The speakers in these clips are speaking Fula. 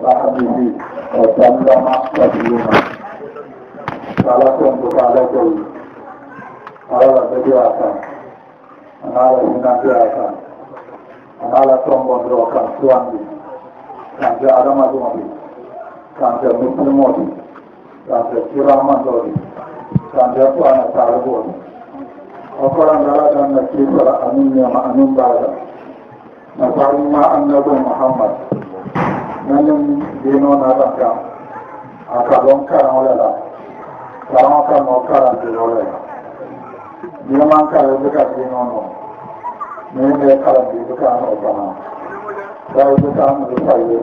fahmihi wa sallama taslima kala tonto kala kol alala dagua kan anala hinadia kan anala tombondro kan suwandi kante adamadumadi kante muslimodi kante kiramandodi kante kuana talibodi okora ngala ganna kisala anin nema anin baga nafarima annabu muhammad mumum de noon aranga a ka ɗon karan olela karan o kanno karantere olela ndiman kare beka de noono min de karande bekano o bana saw bekanoɗo fayde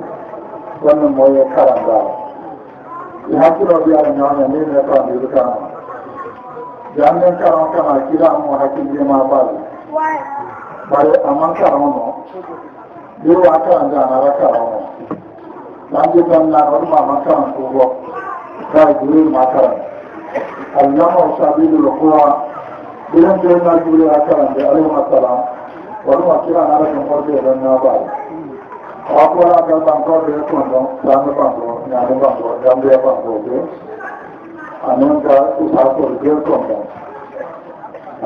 konno moye karandaro i hakkilo mbiyaɓe ñoone min de karande bekano jannden karan o kana kiramo hakkillima baɓe bare aman karan o no ɗiwa karandanara karan o no mande gannaɗon ma makkama sogo ta guri makkaran allamao sabilulo kowa ɓilen tena guri akkarande alayhum assalam waɗuma kiran ara ken korde ren nabaye a koraga bankorde kondon sane bango ñane bango gambe bango ge anen ga usakol ge kondon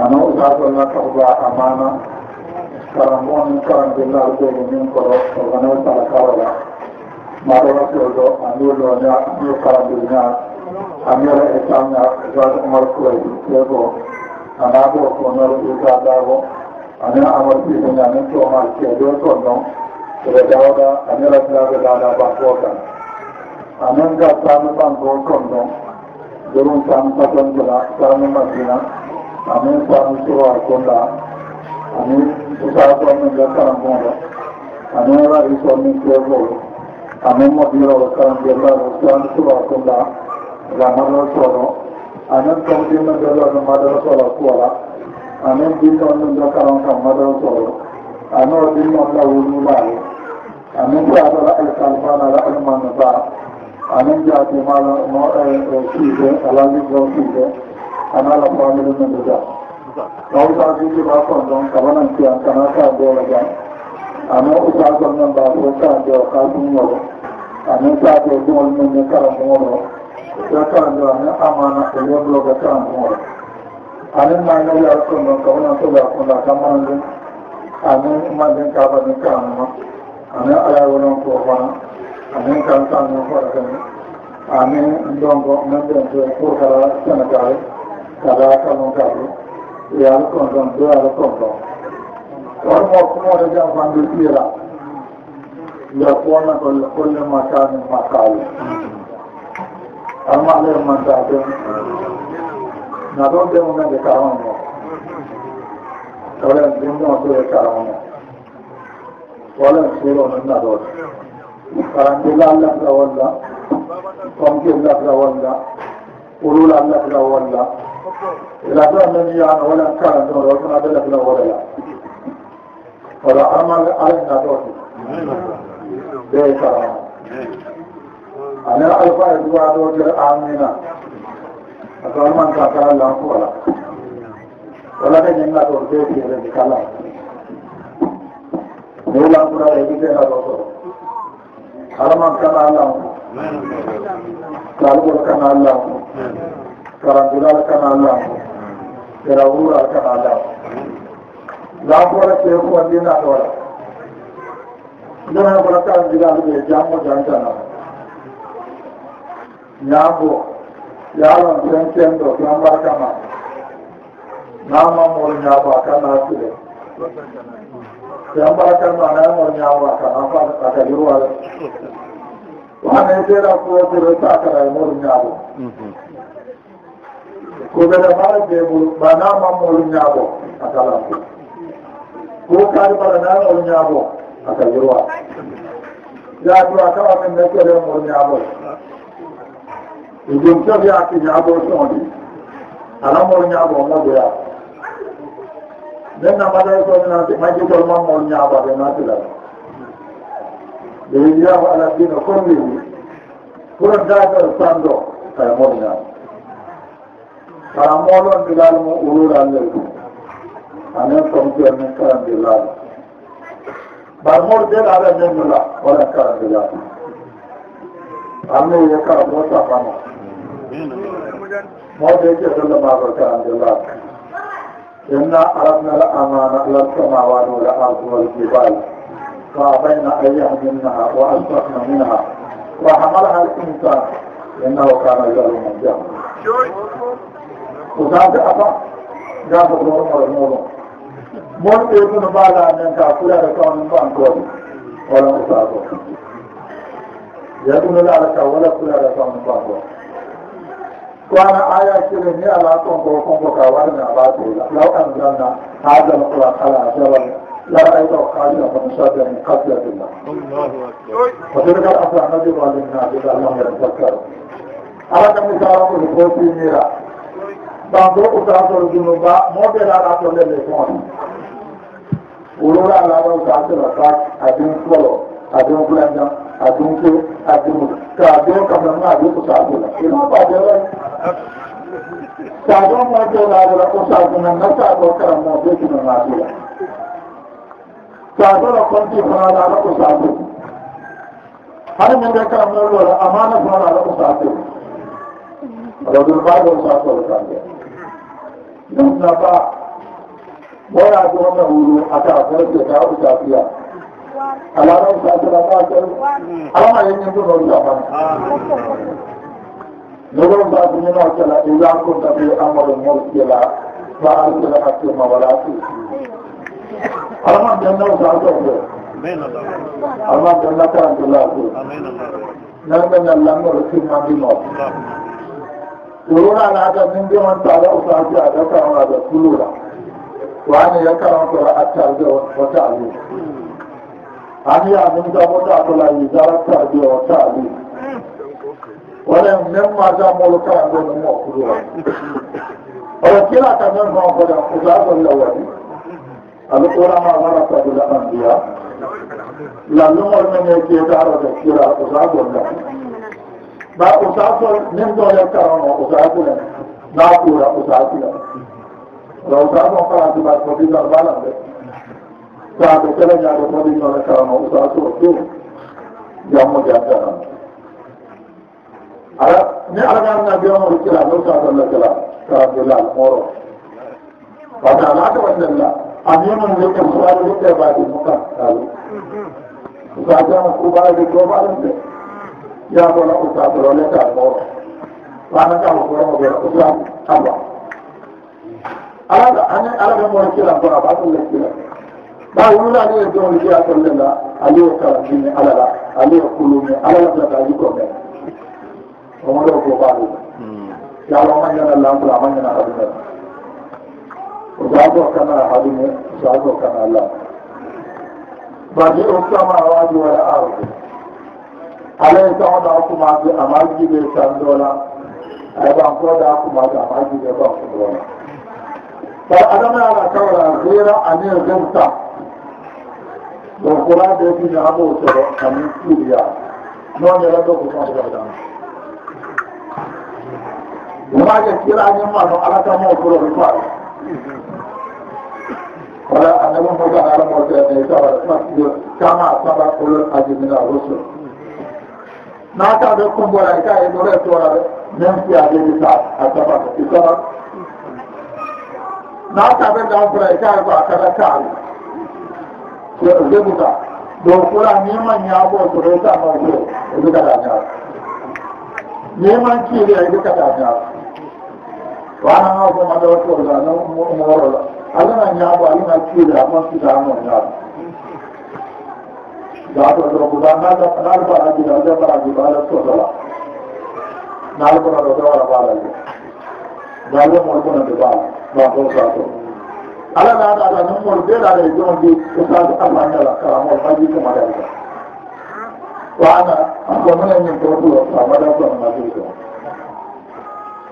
ano usakol na kaba amana karambo min karan gennal gogo min koro organisa kawala maɗoɗo a nuulloña nuu kalabirña a mira étanña gage omar kuwayd teko a naago ko nor ɓirgadago anen amar ɓiɓeña nen toma keede kon non ɓe dawda a mira dirade dada bankokan anen ga tami banko kon non jerum tami patandina tami madina amin tami suroa konɗa amin sosa konmin gakkana gonɗo anen rayi sonmin kegolo amin moƴirowo karamdiallahu sani subahatullah lamano sono amin kamdino dolono madaro solo kuwala amin dinnonno dokaron kam madaro solo amino dinnonno wulmulahi amin sadala alkalmana la almano ba amin jati malmo sise alaligo sise anala famille mendo ja ɗaw sagiji ba kon don kabanantiyan kana sa doola jam amin o saagol men mba fo kalande o kaatumñoro amin saade dugol men ne karamuoro yo kalande amin amana e yebloga karamuoro amin mayno yaakonnon ko onon soga konda kamanndin amin manndin kaabanin karamuma amin alaywonon ko fana amin kansanmin horakani amin donko min dente pour kala sénégal kala kalnon kaabe yaalkon ton do yaalkon ton warmo kumoto jafande siira nde fona ko kolle ma kane ma kaali amaler manta ten na ɗon demogande karamamo kalen dimnotoe karamamo walen surono nadoto karandila lafda walla komke lafda walla urula lafda walla ila tonen yano walen karandoro kona de lafda walla kono amaɓe alayna ɗoto ɓe sara anen alfa e duwa ɗo ter amina asalmantakaallanku wala wala ne ñenga ɗon ɓe kerede kala ne lankura eɓiɓena ɗoto alaman kana lanku kalgol kana lanku karantural kana lanku terawural kana lanku lafoore ke ko wandina ɗoora ndena kono ka jiraɓe ɓe jammo jantana ñambo yaalon tenken ɗo gambarkama namamol ñaba kanatire gambarkama namol ñaba kanafaaka yurwal wane tera fotore sakaray moru ñabo ko ɓeɗe mara ɓeɓol ba namamol ñabo akalatire kuukaari mbaɗa naani ol ñaamoo aka yirwa yaatuwa tawa min nekkeleen ol ñaamoo i jum fof yaaki ñaamoo soo ɗi alam ol ñaamoo ngaguyaa min na mbaɗayko minati majjitol mam ol ñaamoɓe natilal ɓe yiyaho ala dina comme li pour daagal sanndo kay mol ñaamo ara moolon mbilaalmo uluraallel ɗum أنا كنت من كلام بالله بأمر دل على جنب الله ولا كلام بالله أمي يكا أبوتا قانا ما بيجي سلم ما أردنا الأمانة للسماوات والأرض والجبال فأبين أن منها وأشفقن منها وحملها الإنسان إنه كان ظلوما جهلا وذلك أبا جاب الظلم والمظلوم mon ɓe tuno mbaala men ka fulare kawnu mba ankoɓe wala ko faako yaɗuno laala ka wala fulare kawnu mba ankoɓe kowana aya kele ni ala konko konko ka warna ɓato law anzalna hadal quran ala jabal la rayto kalila mon sabia min kasiatillah ko tekar afa nabi walinnas ta lamer fakkaro ala kam mi saramol ko finira ɓan go utatol junu ba moɓelaɗa to lelle fonde wurura alaɗon ko addana fat adin folo adin flanjan adin to adin to adin kam nanma adi ko sabula ino ko adewa sadon majolaɓola ko sabunan nasago karamo ɓetino nadula sadono konti fonalaɗa ko sabu hay minde karamolola amana fonalaɗa ko sabu rodul bagol sakolo kamɓe nafnaba wara jogona wuro ata fotota usafiya alara usafiraɓaso ama yeñigono usafan nogoro mbasimino sala ilakontabe amaro morkela ba arsela atema walatu alama janna usasoo alama janna tantolaso nanmena lamoro timmandino yoronanaata min demantaga usasi adakaaga kulura wane yakkalankora attardi o o taali aniyamin gamotatolayi garattardi o taali wala memma jammolo kayangoni mokkudo oo kilaka men gonkoda ogagolle wadi alqurama warata bila ambiya lallumol mene kedarode kira ogagolle ba osagol min do yakkarano ogagulen nakura ogagulen donc ka mo falatimat mo bidar balam de saade keleñaade modiñone karama usa so tour jammo jaggaran ala mi alagarna biyonoo kilaa no saatalla kilaa kaabilal moro wata alaaka wandella amiyonon leke suwaade ɗe ɓeɓaadi muka kalu usa jama kubaade gobalen de yaagola usaatoro lekal moro wanakaa ko koremo ɓe usa aba alaa ane alaga moon kila kono ba ɗum lekkila ba wuurani en doon jeya tollenga aliyo kala dine alala aliyo kulumi alala bata yiko men omo ɗo ko baalu yaala omañana lamula amañana hadume o jaago kana hadume jaago kana lam ba de o sama waaji wara arde alaye sawoɗa kumaaɓe ama jiɓe tan doola aɗa ɓankoɗa kumaaɓe ama jiɓe banko doola ko adana ala kawra hira anin rimta ɗon kura de fini hamo soro kamin kuuriya noone rado ko kamoɗaɗana umaje kiranima no alatamo kuro ko faa wala anaɓo moga aramoteene tawa parce que kama saba kolo aji mina rusul naata ɓe kumbora kaye ɗo retorare même si a deɗita a saba i saba naataɓegaɓray e kay ko a kala kaalu jeguta donc pora nima ñaabo to reta mawto e jegata ñaa nimankiide e jegata ñaa wanaa fo madawatoga no moorola alana ñaabo alana kiide a mankitano ñaabo gato jokuda naal baradida ale baradi baala sotola naal bonaɗo gawara baalale baalle mol bonade baala ala laaɗaɗa nomol mbeɗaɗa e jonndi o saago allah ñala kala mol maji ko madaika o ana ako nonañin kotuo sa madal kono maji ko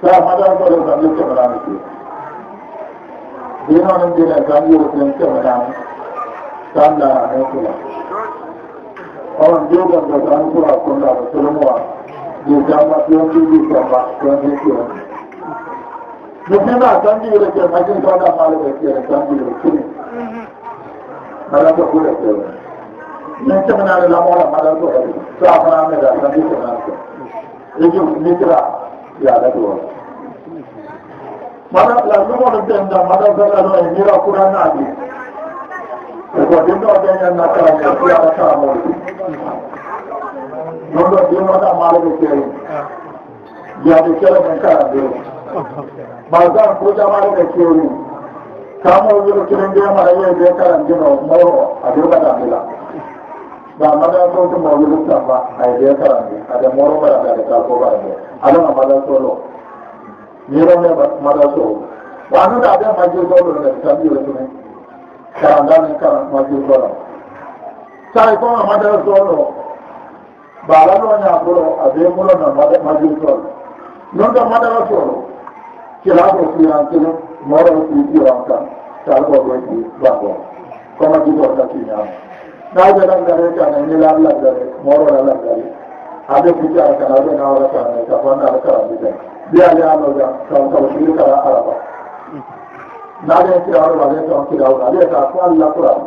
sa madal kono tan yo temenaami ki binoni mbine tan yo ten temenaami tan laa ne kula on jogango tan kura kondaɗo solomoa di jamba ɗon jiɗi jamba ɗon ndi ɗon mimmima tandiwre ke hajin kawɗa maalume kene tandiwre kine mala ko kure ke min teminaani lamora mala ko hade so afanameda tandi teminaake eju mitra yaadatoo mala la numoro denda mala sagano e mira kuranaaji eko dinɗo deñen nakkarae siyaɗa karamol non ɗo dinnoɗa maalume kewi jiyade kere men karandeo bazar kujamaɗo ɓe kewi kamo wiro kine ndema a yeyi ɓe kalan dino moro a dogata bila ba madal soto mo wirutamba ay ɓe kalan di aɗa moro baɗaɓaɗe kalko baɗaɓe aɗana madal solo mirone madal solo wanuda aɓe majjir solo ɗe tambiro kine karandane kara majjir solo sai koma madal solo ba alaɗoñaɓuro a ɓe mulonan majjir solo non ɗo madal solo kiraako siran kino moro si kiran kan taalkogoyti bagoo koma jigorta kiñaama naaɓe langare kane nila langare morola langare aɓe kucara kan aɓe nawara kane ka fannar karabiden biyaleanoga kam kawtiri kara araba naɓe kirawa ale ton kirawna ale ka ko allah kuran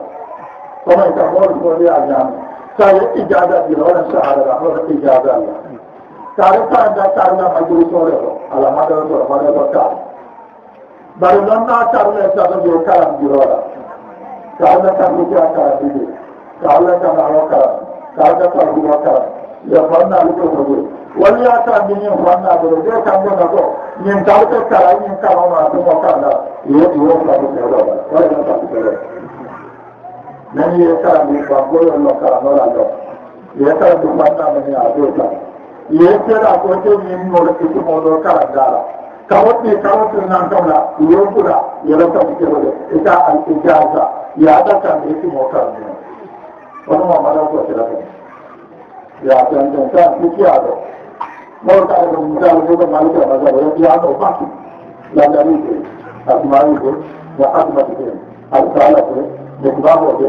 komay ka moori fo biya ñaame sa yeɗ ijaada dira wona saharara hono ijaada allah tare taranga tarla majuru sore ko ala madara to madara to ta bare non na tarle ta do yo kala girola tarla ta mi ta ta bi bi tarla ta na waka tarla ta bi waka ya fanna ni to do wali ya ta bi ni fanna do do yo ta bona ko ni ta to ta ni ni ta ma do ko ta da ye ti wo ta bi ta do ba ko ya ta bi ta nani ya ta bi ba ko yo no ka no la do ya ta bi fanna ni a do ta yeeseeɗa ko keñinnoore ittumoɗo kala ngaala ta wotni kawotu nan kamla yonkuɗa yeɗa tabi keɓole e ka al ijaza yaɗakande ittumo kalmen onoma mala ko keɗaten yatanten ta sikiyaɗo moro kaɗe ɗo misal goɗo malika masabo yeɓiyaɗo makki lallari de asmari de mo asmati de alkala de mikbaho de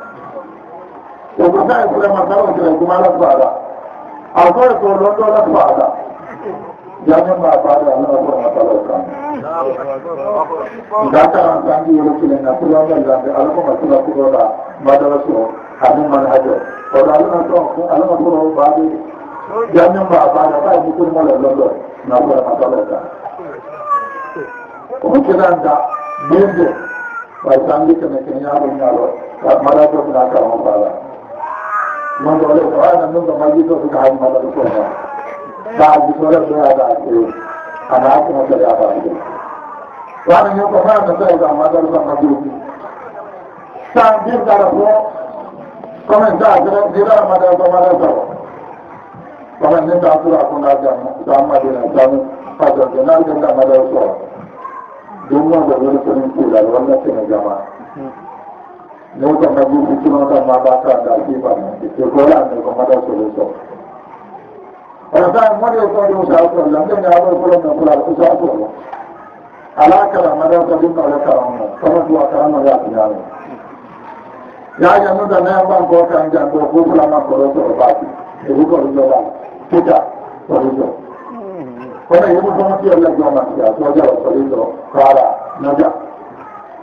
o kusaye vraiment tawakele kumala faada a koye to lon ɗo la faada jame ma faada alaa forma talakan nda taran tangi yoro kilenga pourlagalande alamama sila kuroɗa madaraso ani manhaje oɗo alama to alama foro baaɓe jame ma faada fa mukurimala lonɗo na forma talaka omu kiranda mende way tangi kene kene yaɗo ñalo mala jomna karama faada non ko le qurana non ɗo majjito ɗo kaaji malla ɗo kolma sa addi to lebdo yaga ake ana hakkuma tawi abaɓe wano yoko fanata tawiga madaru kamma duuɓi san dirgara fo commentaire dira madaru to madaru tawa komen nin tan pura ko ngajamo ta madina tan fadonde nalgenga madaru towa ɗum noɓe woni konin kuulal walla tene jamaa mais wota ma jiɓi tinota ma bakarda sifanante ko lamne ko mada solution ansan moɗe koɗi usatolla ndeni aɗo fulonno pulal usatolla ala kala mada kadimnole karamno kono duwa karamno yatiñame yaja nuda nayaban ko kan jango fu fulaman koɗo toro baki eɓu koɗo joɓa tita solution kono yeɓu tonotiyolla jomatiya sojalo solution ko ala noja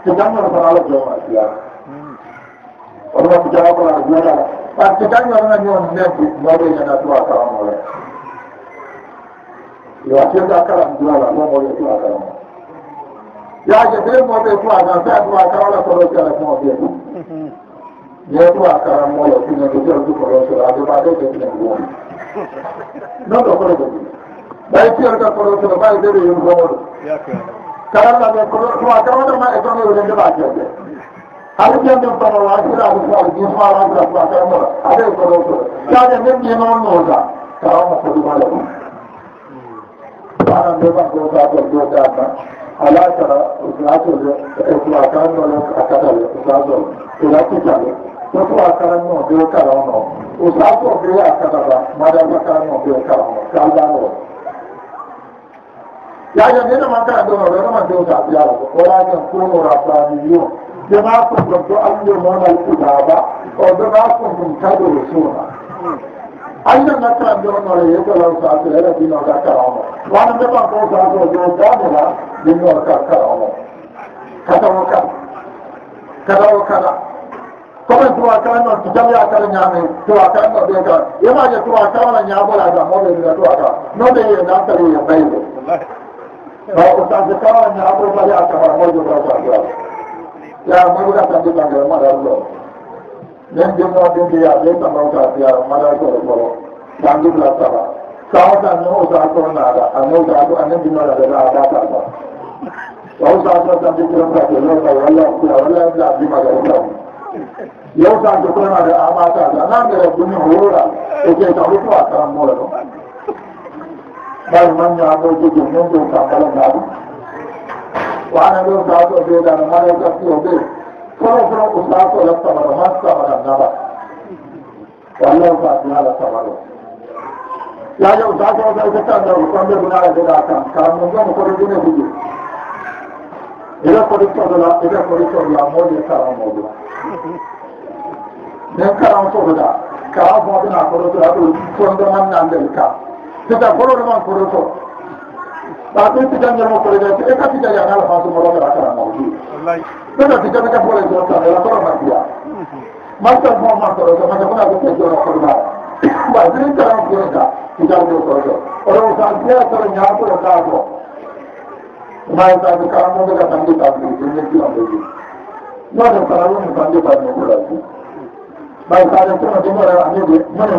ke jangono fanalo jomatiyaa wala wattu jawabola jooɗa par ce que tan yoɗana ñoon nebbe mawɓe ñana trois karam ole yo tirɗa karam jooɗa lomoye trois karam o yaaje ɓe moɓe trois nan fa trois karamola kolo jala moɓe ɗum ñe trois karam mole finego jaldu kolo sora deɓade ɓe fine woni non ɗo kolo jogi ɓay tirɗa kolo sora ɓay ɓeɓe yim gomoɗo karallaɓe kolo trois karamoɗama e gomeɓe ɓe ndeɓa jerde haɗajande bana wajiraɗe fowaɗe ni farajira fowa kaymora aɗa kono to kaaƴa nenɗi noon noonta kawama koɗumale ɗum ana ndeman gota ton dotaanna ala kara ɗatode e fowa kaymole a katale osaasol ira kicale so fowa karanno be karawno osaaso be a katata madaba karanno be karawno kaldano yaƴa ndenamankaa ɗono ɗenaman dewta fiyala o wolaken kunora fami yon jona kondon to allio mamal kudaba o jona kondon kadoro suna allo nakkara jonnore yegolaw saatuere dinoga karamo wano ndeɓan ko saato jo damira dinorka karamo katawo kada katawo kada comme trois kala non ti jamya kala ñaame trois kala no ɓe kala yemaje trois kalana ñaabola da moɓe ɗiga trois kala no ɓe ye nantariye bayde ba o sage kalana ñaabo bale a kabar moƴo ta sagoa ya maruna kandi tangere madaru ɗo min jumno dindi yaɓe tamauta fiya madarkoro koro tandi bla saba sawata ni osa koro naaɗa ani osaako ani dimaladaga ada tarba osaako tandi kurokake lowa walla kuya walla la dimagaru kam yo sanke konade amatata nangere duni hora eke tawutu a karammoro ɓay manñamo jogi min ɗo kambala ngaɗu bana ɗon sato jeɗano malaika fio ɓe fono fono ko sato lattamano ma samana naɓa wallao satinala tamaɗo yaƴa o satoɓay fettandao kamɓe gonara jeɗa kam kammo gomo koɗo jine huƴo ɓeɗa koɗo codola ɓeɗa koɗo codola moƴe karama moƴo min karam sodoɗa kaa fotona koɗo toɗa ɗo sondoman nandel ka c' est à fororeman koɗo to ɓaa ɓeti jangeno présente e kati jaya ngala fasuma roɓe rakara mawdu ɓeati jaɓe jafole jotaela toro mardiya martal mo martoro so mata kona ko tejjono kolma mba dirin karan kuenga jalgo koto o rew sa jeya toro ñaatoro gaato maya sadi karamo ɓega tandi tadi jeggilamɓeji noɗen saralumi tandi tadi no kulaji ɓay sade tona dumo rewa nede mone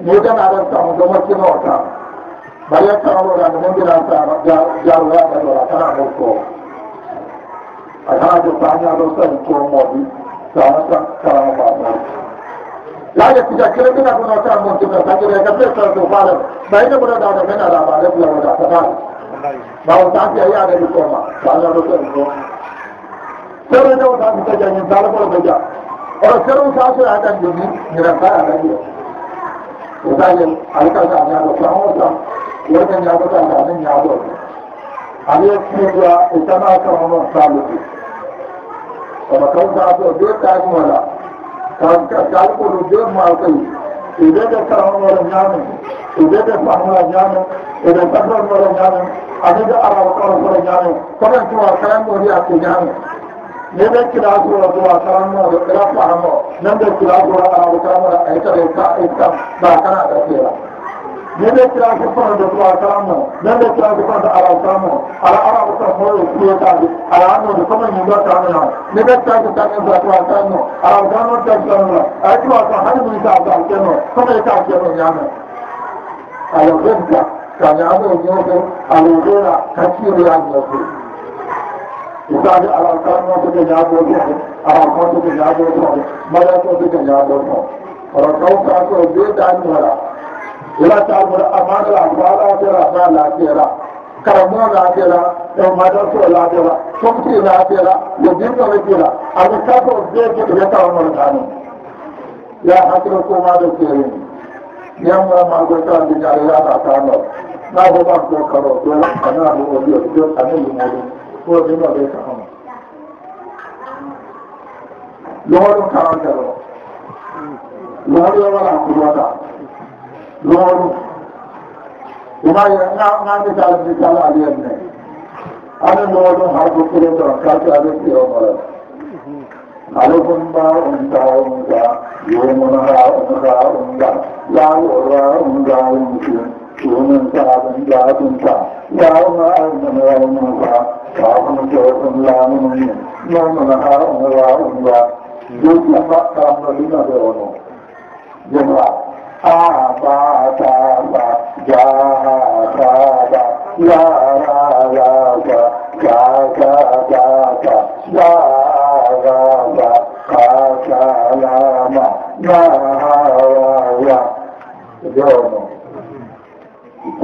miwtana aɗan tamo ɗo moccino o tama mbaɗa tamaɗoɗa no mondira tama jaruwaɗatoɗa kana mokko a kana jo tañaɗo sawi too moɗi tama tan kalama mamo laƴa kuja kerekina kono tan montina tagireka fe sa to fala ɓayne ɓoɗa ɗaɗa men arama reflawoɗa tatani mao tanti a yaɗeɓi koma tañaɗo sawi to sereneo tanti ta jañin tala ɓoɗo ɓo ja oɗo sereu sasoya dañjoni mirata a dañio wotañel alkalta ñaado sam o sam worga ñaagotaka ane ñaado aye fiidwa e tama kama noon saalude kama kawtaato de taagmola kam kalkolu de maakay e deɓe karamoore ñaamen e deɓe fanmora ñaamen eɓe sabronmore ñaamen anede araw karofore ñaamen komen tuwa kayamoriyakke ñaamen ne ɓe kilakura dowa karanmoɗo ɓe rafaramo nan ɓe kilakura arabo karamoɗa ay kada ka kam ba kana ɗa fiira ne ɓe kilakur fanado dowa karanmo nan ɓe kilakur fanado arabo karamo ala arabo kam hoyo kuyetaji ala annode comme ñimba kanoya ne ɓe kilakur tanenta towa karanno arabo kanoɗo tan kanoa ay towa kam hade mum ka ga kenno comme e ka kenno ñame ala wedga ka ñamoo ñoofo ala wera kacirya ñoofo ඉස්සාරි අලකරණෝසුගේ ඥානෝසුගේ අරහතෝසුගේ ඥානෝසුගේ මරණෝසුගේ ඥානෝසුගේ रखा को दे दान भरा बोला चार बोला अमान तेरा ला तेरा ला तेरा ला तेरा सुखी ला तेरा ये दिन तेरा दे के बेटा या को ना तो करो तो projet ma ɓe kaama lowaɗum karantelo lowaɗum wala kuwata lowaɗum umaa ngande kalni kala aliyen ne ane lowaɗum har ko pourodon kalte ale kiyomala ale bon ba umga umga yomonaa um um umga umga lawora umga umgin ɗumen taɗum ɗaɗum ta tawma arna wawnum ba tawmano jewtum laamuno min nawnono ha on wawum ba jogi mbaɓɓamno ɗimaɓe ono jema a ba taba ja taba lararaba kakaaka laraba kakalama naawaya jeono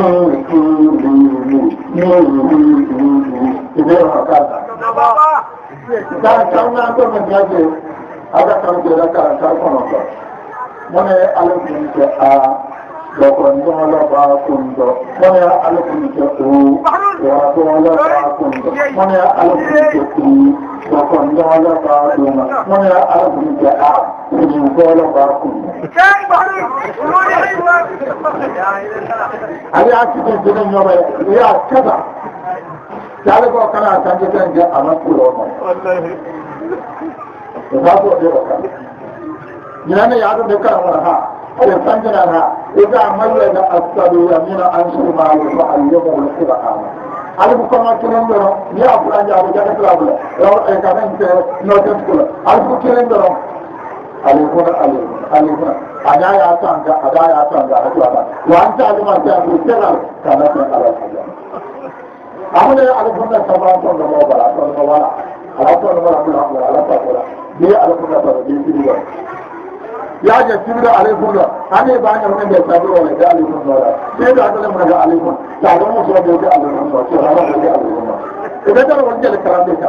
ala kunke a dokon dola ba kundo mone ala kunke a dokon dola ba kundo mone ala kunke u wa dola ba kundo mone ala kunke u wokon jaala baa ɗuma mona arbude a ɗumin goola baa kumaari asiti dine ñoɓe ya kata jaale koo kana tande ten ge ama kuroono saboɗe okam minane yaadude karawon ha e sanginan ha ida mallaga assaduya mina ansurmaalu fa allimahu lqura ama ala ko kono kelen ɓe non mi afuranjaabo jaɗatlaɓula raw e kamente notetkula ala ko kelen ɓe non ala huna ala ala huna a ñaya tanga a daya tanga a tuwata yo antalimantaku telal kanaten alal amune ala funa sabran tonno mo bala tonno wala ala tonno wala mula ala tagola mi ala funa tono ɗi siɗigon yaaje sibira alay fourla hane bañamne nde sabi o ne gaali ɗum noɗa seeɗa golemnaga alay fon sa ɗomo soɓeke allah nonno sohaɓaɓeke allah nonno ɓe ɓe ɗara wonjele karamɓe ka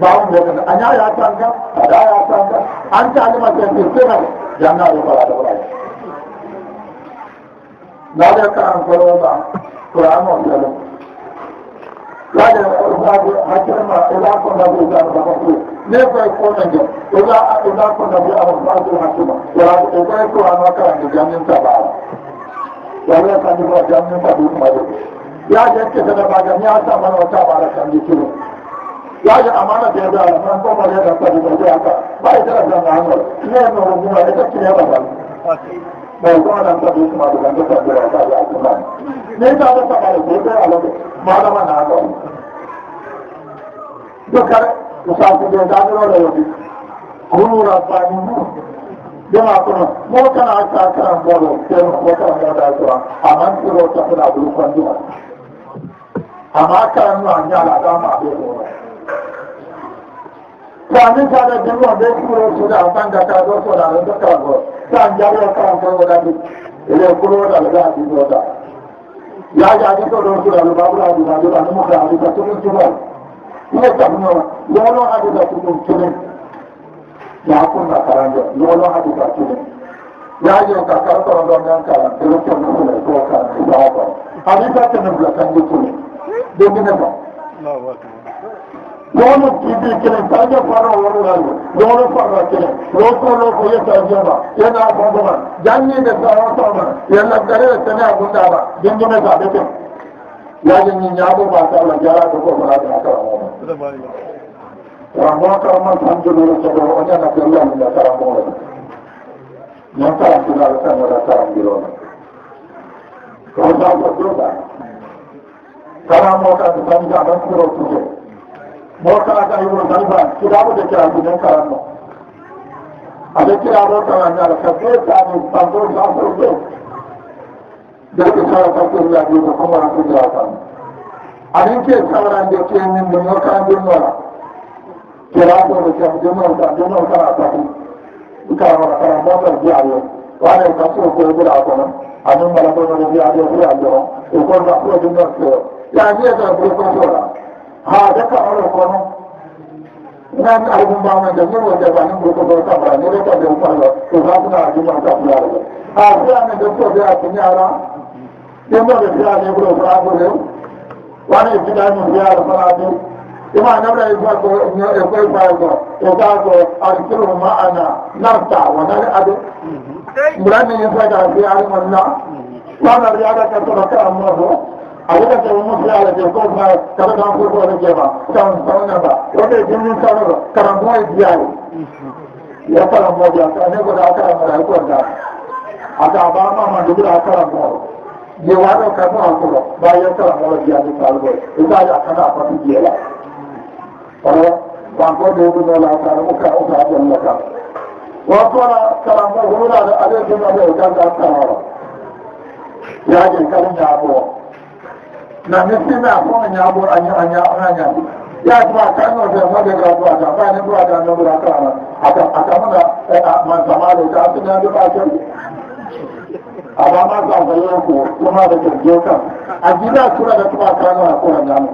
bawo mbokana a ñaya tanka aɗaya tanka ancalema tenke senat jannaɗo falaɗoɓaa ndaɗe kan koloma qurano jalo kaɗe ogago hakkilma ola konnabi ugano bakatu ne koye komenge oga oga konnabi amon bagu hakkima wala o koye qurano karange janninta baala wala kanjuma janninta duumaɗo yaje kesene baga ñaa tamanota baala kanditu yaaja amana deda man soma leda sabi ko jeaka mbaye tera janga angol nenoo muma e takkineɓa ngal mais ko anan sabi kumaɗugande sabira kaya kumani mais taɗa sabare deɓe alade maɗama nangol jokkare o sako de dañiroleyodi hurura fani mu dema kono mo kana ka karan boɗo teno mo kana moda sura aman siro tapina ɓuru kondima ama karannu a ñalaɗama ɓe ɗoro so a min kaɗa jango nde kuro sude a sanga ka ɗo soɗa ɗo dokka go sa jalo kan kangoɗa ɗi ele kuroɗa ɗo ɗaa ɗiɗoɗa yajaɗi soɗo suɗa lo babura adina joɗa no mukra adita tumi tuno ine tafno lolo adita tumum tumi yakunna karanjo lolo adita tumi yajoka karkoroɗo nan kala ele tonnusule ko kan sibaba adita tenum la kanjo tumi ɗo mine ba allahu akbar yono kiidi kene tajo paro worulal yono paro kene loko loko yeta jema yena bodoma janni de sawata ma yena dare tene agunda ba dingi me ka beke yaje ni nyabo ba tala jara ko ko bala ka ka ra mo ka ma sanjo ni ko do onya na kiyo ni ka ra mo ni ka ra ka ka ra ka ra mo ko ta ko do ba ka ra mo ka ta ni ka ba ko ro ko mowtaagayuno nanba kiraaɓo de kiraago men karanno ade kiraaɗo tawaala ka ɓe taaɓe bando gaɓol ɓe deke tawa kakoriyaɓiko komarako jawatan anin ke tawarande kemin de mowtaandinnora kiraaɗo de kam de mowta de mowtara tati ikawara kara mowtar jeyaye waɗa kasuro koye ɓira kono anin mala ɗonore mbiyaɗe ɓiyaɗe o e ko gaɓɓode norteo yaa wiyata bo kosora haa dakka ala ko noon nan aɗum mbawna jangir wo jaba ni ɓuko ɗo tabra ni ɗo tabe upalla to sabuna ajuman tablare ha fiyane debto de a tini ala ɗemoɓe fiyane ɓuro fraɓo rew wana fiɗani fiyare fraɓo ima nebra ifako e koy fayko e gako arkiru ma ana narta wonani ade mbranni yimfaga fiyare wonna wana riyaga kartoɗo ka amoto a wuɗata o musi ala de ko ma kata tan fuɗo ɗo jeema tan sawnaba o ɓe jinnin sawnaba kata moye diyaye ya kala moƴa ane goɗa a kala moɗa gonda ada ba mama ndu ɓuɗa a kala moɗo je waɗo kamo alkuɗo ba ya kala moɗo diyaɗi kalgoy e gaƴa kana fatu jeela ono banko ɗeɗunola kala uka uka ɗelle kam wa kola kala mo huɗa ale dunaɓe o ganda kalaro yaje kadi ñaɓoo na mettima fof e, a ñaaɓor aa ñaa yatuma kano fe mode ga toata ɓane ɓoada nobra kala ata atamana mantamale ta finande ɓake avama gagalanko tomaɓeke jokam a jina curaga tuma kanoa kuraname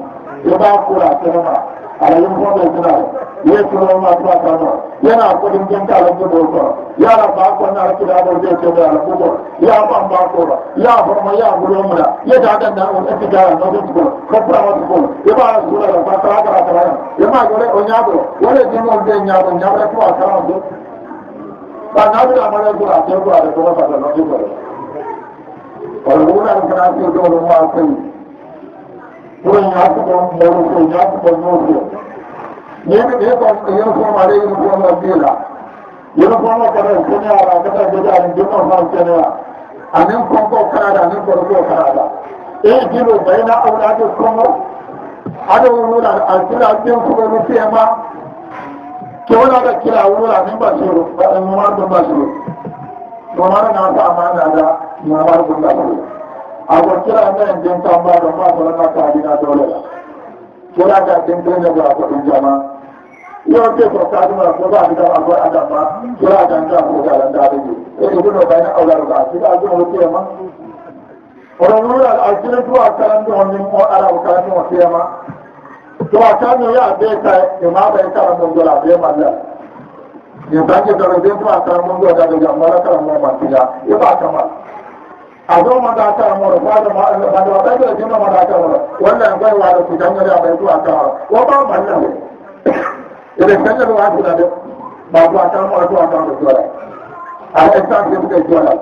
yoɓa cura tenoma ala yim foɓe jinaa yeesuroma tuwatano yana koɗin jenkala jogo ko yala ba konnaa kidaɗo jeekeɓe ala fofo ya ɓamba koɗo ya hormo ya gulomuna yeda ganda on efficara nofet ko ko prawata kon yeɓaa suurata ba tawakaratawaa yemaa yole o ñaaɓo wole dinol de ñaaɓo ñaɓre tuwa karanto ɓa nabiramaɗe gora te gorade kogo fata nofi kore wala wuɗan kanasir ɗo ɗum waa sayi ko ñaaku ko moru ko ñaaku ko moru ñeñu ɓe ko yeno fooma ɗe yeno fooma mbiila yeno fooma kada soñaara kata jogaani jomma fam senea anen konko karaada anen koto koo karaada e jilo bayna awlaade kono aɗa wuwura a sila ɓen fuɓeno fema kewnaɗa kila wuwura min basiru momaro gon basiru momaro naata amanaaga momaro gon basiru awon kira men den tambaɗo maɓolana kaadina dolela kiraga dentenega ko ɗum jama yo te ko kaduma kobaɓigam a goɗa gamma kiragantakogalandaɓeji ei huno bayna awlaruga siga gumo tiyama oɗo wural a sine towa kalanduo min o ara o kalanduo tiyama to a kalno ya be ka e maɓay kalanmo gola be malla min e bangge garo den towa kalanmo goɗadogam wala kalanmo mantiga eɓa kamal a ɗo mo da tamoro waɗo maɗo waɗa ɗo jumma mo da tamoro walla ngoy waɗo ko jangare a ɓay ko a tamoro o ɓa balla ɓe eɓe jangar waduna ɗe ma ko a tamoro ko a tamoro joola a exemple ɓe ke joola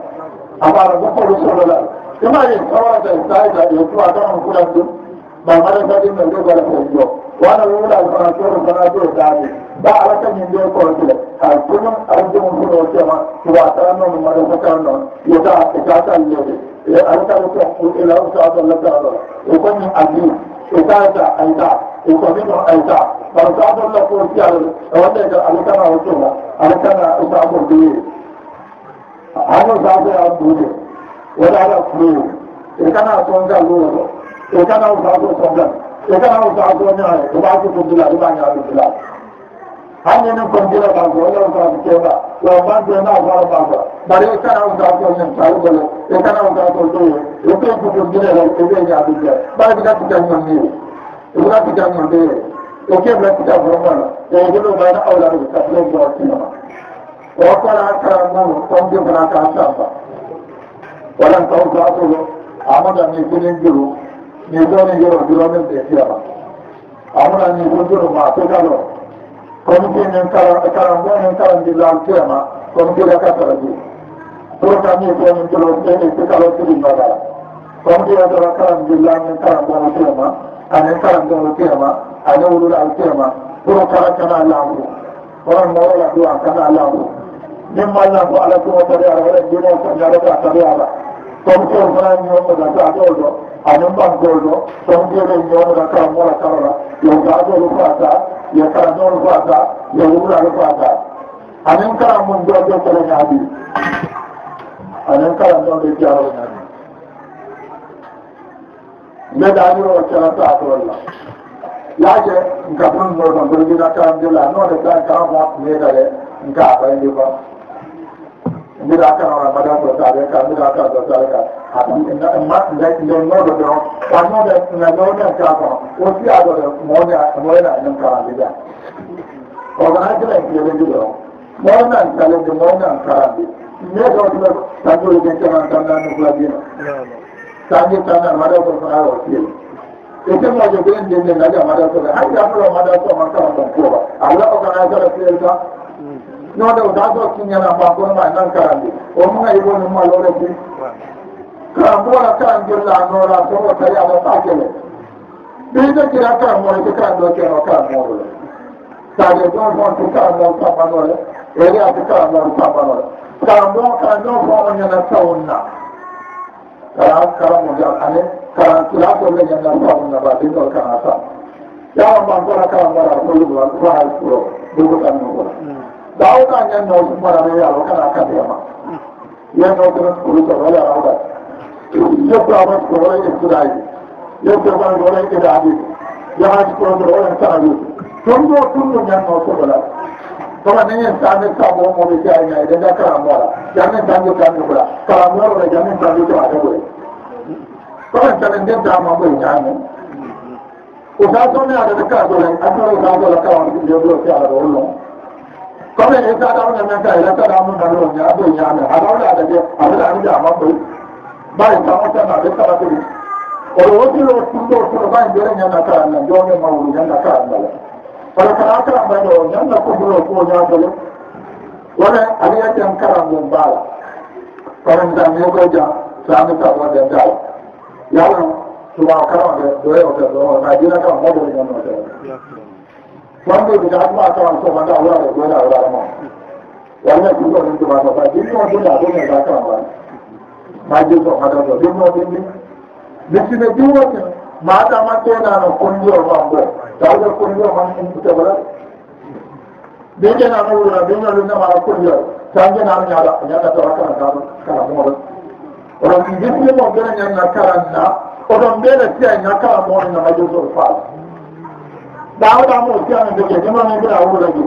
a ɓaɗa ɓokkolo sololal ima ye sawaga sayda ye ko a tamoro fulan ɗum ma mara saɗimme ɗo gala ko jo wala wowla fanatoro fanatoro daade ba ala kañum nde kontle ha kunum arjomu funo sema towa tannoon maɗo fotan noon yota e katallede e alkala to ilaw saatolla taɗo e koñum adi e kata ayta e komino ayta par saatolla ko tial e wadde ka alkana o toma alkana saabo dee hano saatoya duude wala ala fuleo e kana tongal wooro e kana o saato tongal e kala on saa e ko ñaane ko ɓaa kotu dila ko e ɓaa ñaane dila hande nen kon dila e ka ko yaw saa ko keeɓa yo mante naa ko ala mbaa ko bare e kala on saa ko ñen saa ko gole e kala on saa ko ɗoye e ko ko ko dila ko e ɓee ñaane dila bare ko gatti tan ñon niire e ko gatti tan ñon ɗeye e keeɓ latti tan ko mona e ko ɗo mbayna awla ɗo ka ɗo ko tinama o kala kala mo kon dila ka ka tampa wala ka on saa ko ɗo amadan ni ko nen jiru mi zone yero duromen ɓe fiyama amuna ni gondiro ma tegalo comité men kala gonen kala ndillal fiyama comité lakatara di pourtami gonen kelo ene tegalo tiɗinnogala comité adora kala ndilla men kala gono fiyama anen kala gono fiyama ane wurural fiyama pour kala kana lawru onon mowola duwa kana lawru min mallanko ala tumo tariyara waɗa dimo ko ñaɗota tariyaɓa tom ko maa ñoonoga ka tolo ane mbangolo tom jere ñoonoga ka mora karola yo gaadolu faata yo kanoolu faata yo wuralu faata anen kara mun doode kele ñaadi anen kara doode jaro ñaadi nde daniro cara taatolla yaaje nka pun nooto mbolgina kalam jola noode ka kaa fa meetale nka fayndi fa mbira kanora mbaɗa ɗo saare ka mbira ka ɗo saare ka aɗa mat ndey ndey noɗo ɗo kanoɓe na lownen kakono aussi aɗoɗe mowna mowna enen karandi ɓe oko hakkilen kelejiɗo o mownan calede mownan karandi meɗoɗo tanjoɗe keman tannani fladino tanji tannan mbaɗa ko fonaro osil e temoje ko en ndenden naɗi a mbaɗa koɓe hay jamɗo mbaɗa ko makkama ɗon pouba allah okanakala fiel ka nodew dago kiñanama gonma nankarandi omungay woni malorendi kara mbora kara ngirla nora soo tawi ala fakele ɓiɗo kira kara morete kara ɗo keno kara morole sade don fon ti kara mor pammanole eria ti kara mor pammanole kara mbo kara ɗo fo o ñana sawunna kara kara mondial ane kara kirato le ñana sawunna ba ɗiɗo kara sam yawamba gora kara mora fo yugoa fo hay pro dugutan nugora bawo ka ñannoo ɗum marame yaro kana kandiyama yanno kuran kuruta wala awda yobba ma ko wala ittiraaji yobba ma ko wala ittiraaji yahaji ko ko wala taaji ɗum ɗo ɗum ɗo ñannoo sobala kama ne yen tande sabo mo be jaay ñay de dakara mola jamne tande tande kula kala moro be jamne tande to ade kula kama tande den ta ma be ñaane o sa to ne ade de ka do le ando o sa do la kala ɗum ɗo ɗo ti ala do non kɔmi e ta da ɔna nankai la ta da mu ma lɔ nya do nya mɛ a da ɔna adadɛ a bɛ na ni a ma bɔ yi ba yi ta ma ta na a bɛ kala tobi o lɔ ti lɔ tu lɔ tu lɔ ba yi bɛrɛ nya na ta na jɔn mi ma wuli nya na ta na la wala kala ta ma lɔ nya na ko bolo ko nya bolo wala ale yɛ tɛn kala mu ba la wala nga mi ko ja saa mi ta ma dɛn ta la yawu tuma kala ma dɛ dɔ yɛ o tɛ dɔn o la nga jina ka ma bɔ nya na o tɛ la. wande ɓe gaɗuma tawan soma nda wara ɗoɗa warama walla jiɗo ɗum tumata fa jinnoo dunda ɗum ega tawan wari ma jiɗo haɗato jinnoo ɗinni misine jiwote maɗama ɗenano kondio man bo tawde kondio man umtebla ɓiƴenano wura ɓiñolunemaa kondio tangenano ñaɗa ñaɗata wa kala kaɗo kala moɗon oɗon jinnimo ɓeeñanna karanna oɗon ɓeele siyay na kala moɗo nama jiso faala dawda mo tiyana deke jama me bira wo la ju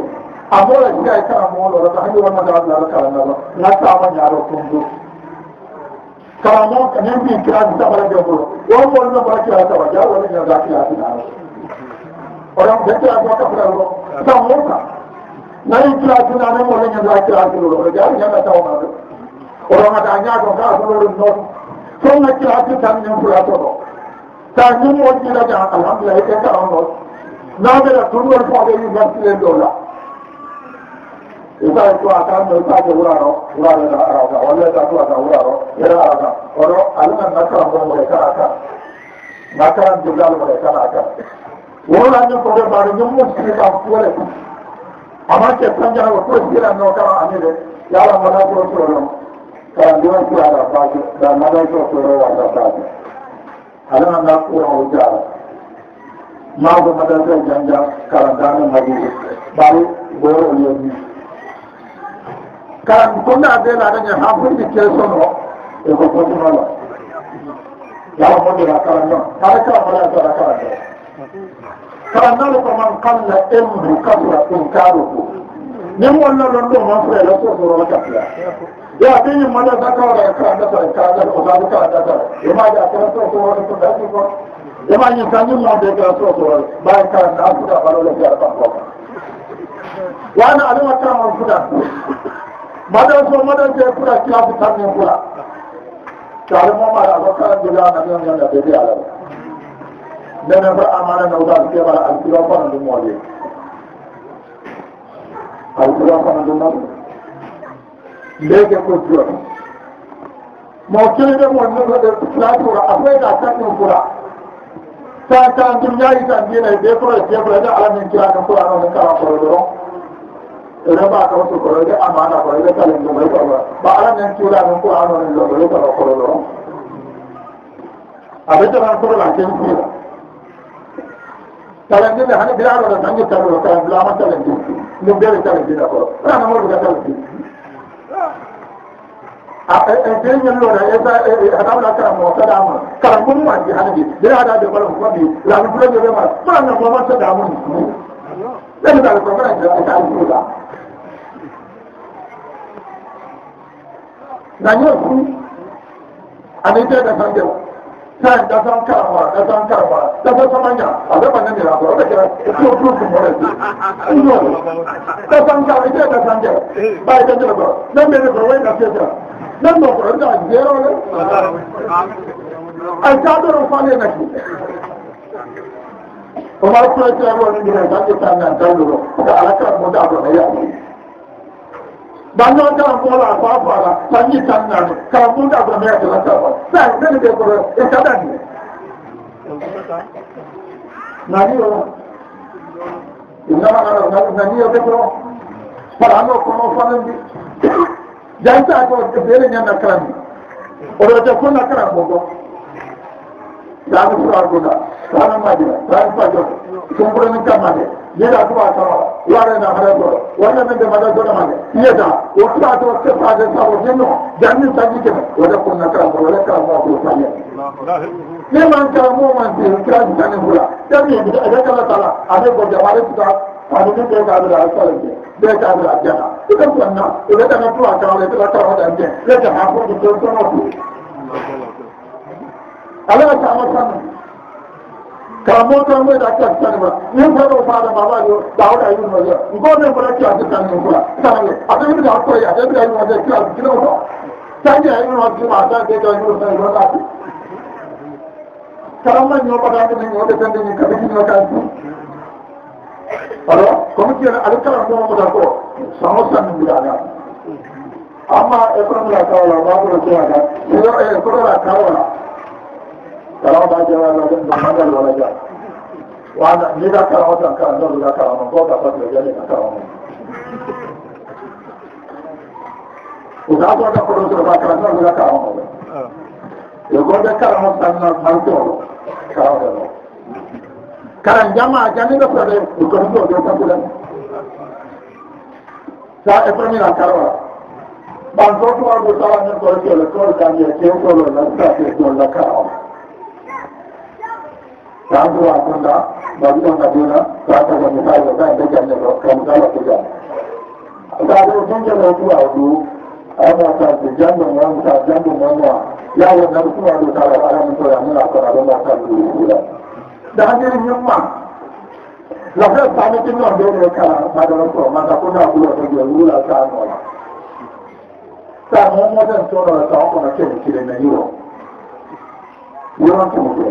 amola jiga e kara mo lo da hanjo wona dawda la kala na na ta ma nyaro ko ndu kara mo ka nem bi kira ta bala de bolo wo mo no bala kira ta ba jawo na da kira ta na ora mo beti a boka pra lo ta mo ka na yi kira ta na mo le nyaza kira ta lo ora jawo nyaza ta ma lo ora ma ta nyaro ka ko lo no ko na kira ta ta nyam pra ta lo ta nyum mo jira ja alhamdulillah e ka ra mo naɓela tunɗon faɓeyi naftilen ɗowla isa toa tanno saje wuraro wurarena arawta wallata toata wuraro ena arawta ono alumen nakkaram gomore kala kan nakkaram jogalmore kala kan wona ñum fode mbaɗo ñummoskiɓa fole ama ke sañango to siranno kala anide yala mona protono kala ndiwa sirala baje da manayto toro walla baje alumen nakkuro o jara mawɗo madarde o janja kala dano maɗuɗo ɓaru goro o yami kala konna adenaɗañe ha fuɗɗi question o e ko continuala yaha moƴƴira kala non ara kala maɗaɗara kala de kala nalo ko man kalla embu kasra ɗum kaaruku min wonnalon ɗo man frele sosorola kapiya ya ɓeñi maɗa sa kawɗa kala dasare kala dasa o saabi kala dasare yomaji a kala sosorole ko dañi ko lemañi kañumno degea sosowol mbay kala ka futa balole jara bakko wana alewa tawon futa mbaɗo so mbaɗo de fura kiyabu tanmin fura taale momara ko kalandilanamiyoñanda de biyala ndemen fo amana nawdal kebala alkilo fono ndu moƴi alkilo fono ndu nabu ndege ko jo mo kelide mo nogoɗe fulatura afoyda tanmin fura cinquante ñaayita ndinay des fois jeeɓrede alamin cirano kuranone kala koroɗoro reɓa kaw sukoroɗe amana koroɗe kalen ɗumay koroa ɓa alamin curano kuranone lomoyo kala koroɗoro aɓe jogan korola ken fiira calendine hane biraroɗe tangi calo calendilama calendin ɗum ɓeɓe calendina koro ana moɗuga calendin e deñalloona esa hatamla karam o sadama karam ko ɗum addi hanadi dena haɗade balam fabi laamu fulaje wema fulanna momat sadamon ɓenndal ko kaaaaa dañe fu ana teeda san dew tan dasan karama dasan karama dasa samaña a weɓa nanira ko ɓekeo tuutu mo resi ino dasan karam i teeda san dew ɓayi ta jeɓa ko nambene ko way nasiesera nanno ko ɗon taa jeerole ay taɗoro falenaki oma soeeoɗine tanɗe tanna dalluro ko alakam mo daɗo a yaɗi bannoo kala mbola fafala tanñi tannano kala mbuda ko meyata lakaba sa mene ɓe koo e kaɗani naniyo innama ala nanio ɓe ko fala ano kono fanandi jaysa e ko beele ñanda kalam ni oɗoja kona kalam ɓogo yaɓesoarguna sana majira sani fajoo sumbrani kamade yeda suwa sawa warena madagoro warenede madagoromade yeda wokkato sefade sawo jenno jangi sañikene wode kona kalam bo wode kalam moko sañe ne man kalam momante kaji tane fula tami ede kala tala ade gojaɓade sutaa ade ne ɓe kaadra salke ɓe kaadra jaha ɗum sanna oɓetana toi kaare ɓela tawaɗan ke le jaha producteur sonatu ala kama sanna ka motoameda cattanma min fano fadama waɗo ɓawɗa yumnoya gome mbaɗa cas tanni fula tanle ade wiɗa koy ade wiɗa yumade cas gilowfa tanni a yuno gima ta deja yurna yoɗati kalamma ñoɓaɗade min oɗe tandini kaɓe kinno kan fou alo kono kene ala kala gomoda ko sano sanndiraga amma e kotola kawla wagoto jewaga e kotola kawla kalawoda jewaga ɗen ɗo e magal wala ja wana jiga kalawo tan kala noduga kalawo mon goga fatle jaliga kalawo mon oga goga kotosoba kala noduga kalawo mon e gode kalamo sanna mantoro kalawoɗe noo kara jama jangiɗo probléme ɗum kono ɗo ɗo kakulan sa e premier a kara wala ɓan to toago tawanen koye kele kole dañe kew kolola sae golla kara ola sa droa gonda mbaɗi onga duna sa tagoni haye sa de jangeɗo kam kala ko jam sade dujeno tuwa du amo sade jango mom sa jango momoa yawo naɗo tuwa du tawa aramin toya mina kono aɗo mbatan du ulan da hajere ñomma la fe saama kinnoo deene kala madara ko mata ko naakulo tagi wuula saanoola saa moo moo ten coonola saa kono kene kile na yuro yorontumute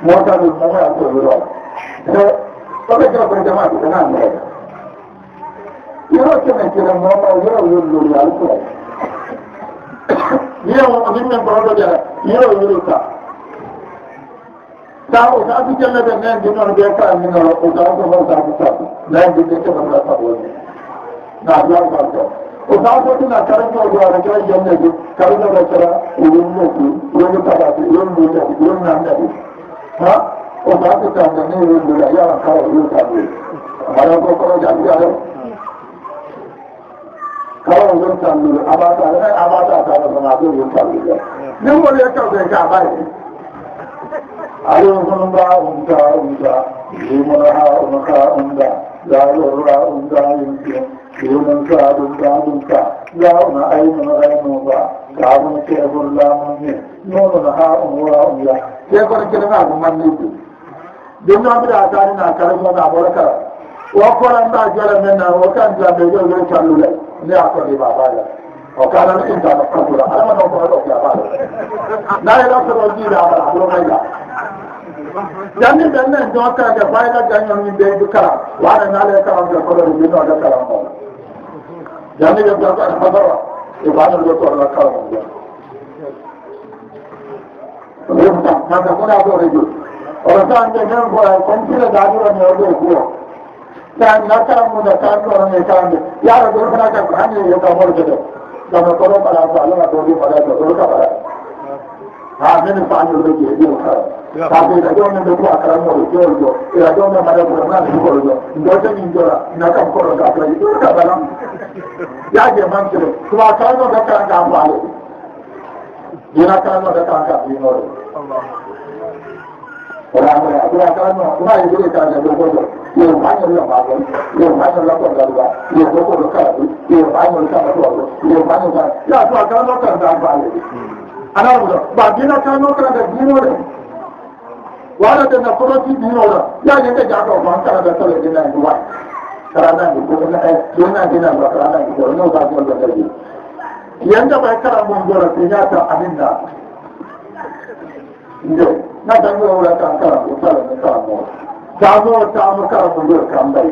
moo tagi mooya ko yuroo e oɓe jaa koye jamaaji ɓe naan meeda yoro kene kile mooma yoro yollol yaal ko yewo min men bono ɗo jara yoro yolu saa saa o saatu jallete nayngi noon ɓe kaminoo o saatu ho saatu sa nayngi ɓe keɓata sabooni naaaaa o saatotina karaoɗoata kara jallete karaɗoɗa kara wonnoku woni tabati won mutati won nandati ha o saatu tande ni wondula yaa kawa yotaɓe aɗa ko korojaɗiare kawa won tandul abata abata tanaɗo won tandul ni wolee kawɓe kaɓaye alohono mba umta umta yumonaha onoka umta laloora umta yumtin yumon saɗumta ɗumta lawna aynono aynoba kamon cefon lamonni nonona on wora umya cefon kenengako mannidi dinnoɓiɗa tanina kara mona ɓora kara o koranɗa jara menna o kan jamɓe jogo callule ni a koɗi babaya o kanano intano fatura aɗamanoo koa ɗo jabaɗo nayi ɗo koɗo jiɗaɓaa ɗo mayya jannde ɓenne jotade bayla gañon yimɓe du kalam waɗa ngale kalam de kolo mino de kalam o jannde ɓe gargoɗe hadoro e baɗa jotoɗo kalam ɗum tan kamɓe muna toreju oto tawa ɓe men ko comme pile daɗirone o ɗo guwo tan nakkaram mune kamɗorone kamɓe yaro ɗo fanaka ko hanni yeta morde de ɗame koɗo mbaɗa so alama ɗo ɗi mbaɗa to ɗo ka mbaɗa ha mene faañoloji e ɗio kala sake ila ƴewne ɓe fo a karamoɗo ƴewol jo ila ƴewne maɗaɓuranani sukolo jo do jangin jora ina kam koroga plaji ƴewta balam yaaje mantere soma kalano gakkanga faale yena kalano gakkanga inore wala kalanoma yeɓee kalane ɗo koto yo bañolla maagol yo bañolla kongalga yo ɗo koto kala ɗu yo bañol kama towago yo bañol kala ya soma kalano kanga faale anaaruda ba dina kanokanada dinode waɗatena produit dinoda yañenge jaga o ban kanada tale dinaendu wa karanaɗi ko ne ay ɗonna dinan ba karanaɗi ko no ba golla kadi yanta ɓay karamo gora siñata aminna njo na dañgowulakan karamo salamu salamo tamo karamo gor kam ɓay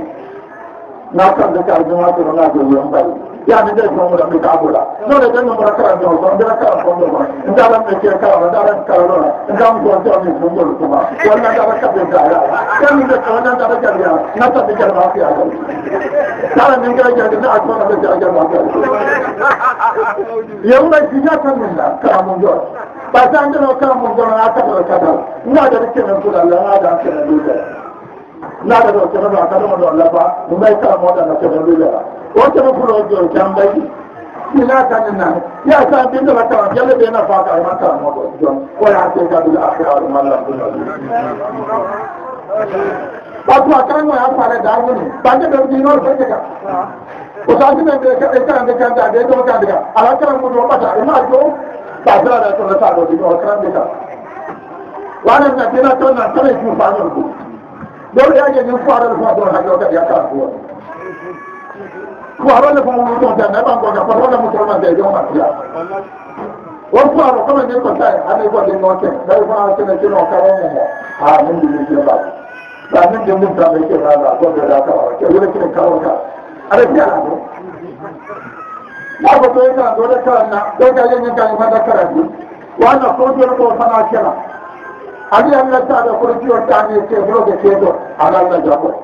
na kamde kardimatoro na gollon ɓay yani nde gonga ɗu kaɓula nore ɗen nomora karanjol ko ndera karan fondo ko ndaran me ke karana ndaran karanona ngam gontoni mo ngol kuma walla ndara kabe daya kami de ko nan ndara jalya nata de jalma fiya ko tara min ga jalya na ko na de jalma fiya yewna jinya tan min da karamo ngol ba tan de no karamo ngol na ta ko ta na de ke men ko dalla na da ke na de na da ko ke na ta do mo dalla ba mo mai karamo da na ke na de la otono pro jon jambayi sina tane nane ya sa bindoma tawa jelle ɓena fakar matamoɗo jon koya sekabil afrare mallamdunaɗ par toi kan moya pare dagoni bande ɓe ɗinor ɓeɗega o sasinee kande kanta ɓe ɗo kandega ala karamoɗo ɓata ima e jo basrara tonataɗo ɗino karandega wanana dina tonna tane jufañol ɗo ɗoyage ni foirel fa ɗon hajo kadi yakkan fo poiro ne fala muto ta ne ban ko ga poiro ne muto ma de yo ma ya o poiro ko men ko ta ha ne ko de no ke da ko ha ne ke no ka re ne ha ne de ne ke ba da ne de mun ta me ke na la ko de da ka ke yo ne ke ka ro ka are ya no ba ko to e ka do de ka na do ka ye ne ka e ma da ka ra ni wa na ko de ko fa na ke na ali an na ta da ko ti o ta ne ke ro ke ke do ala na ja ko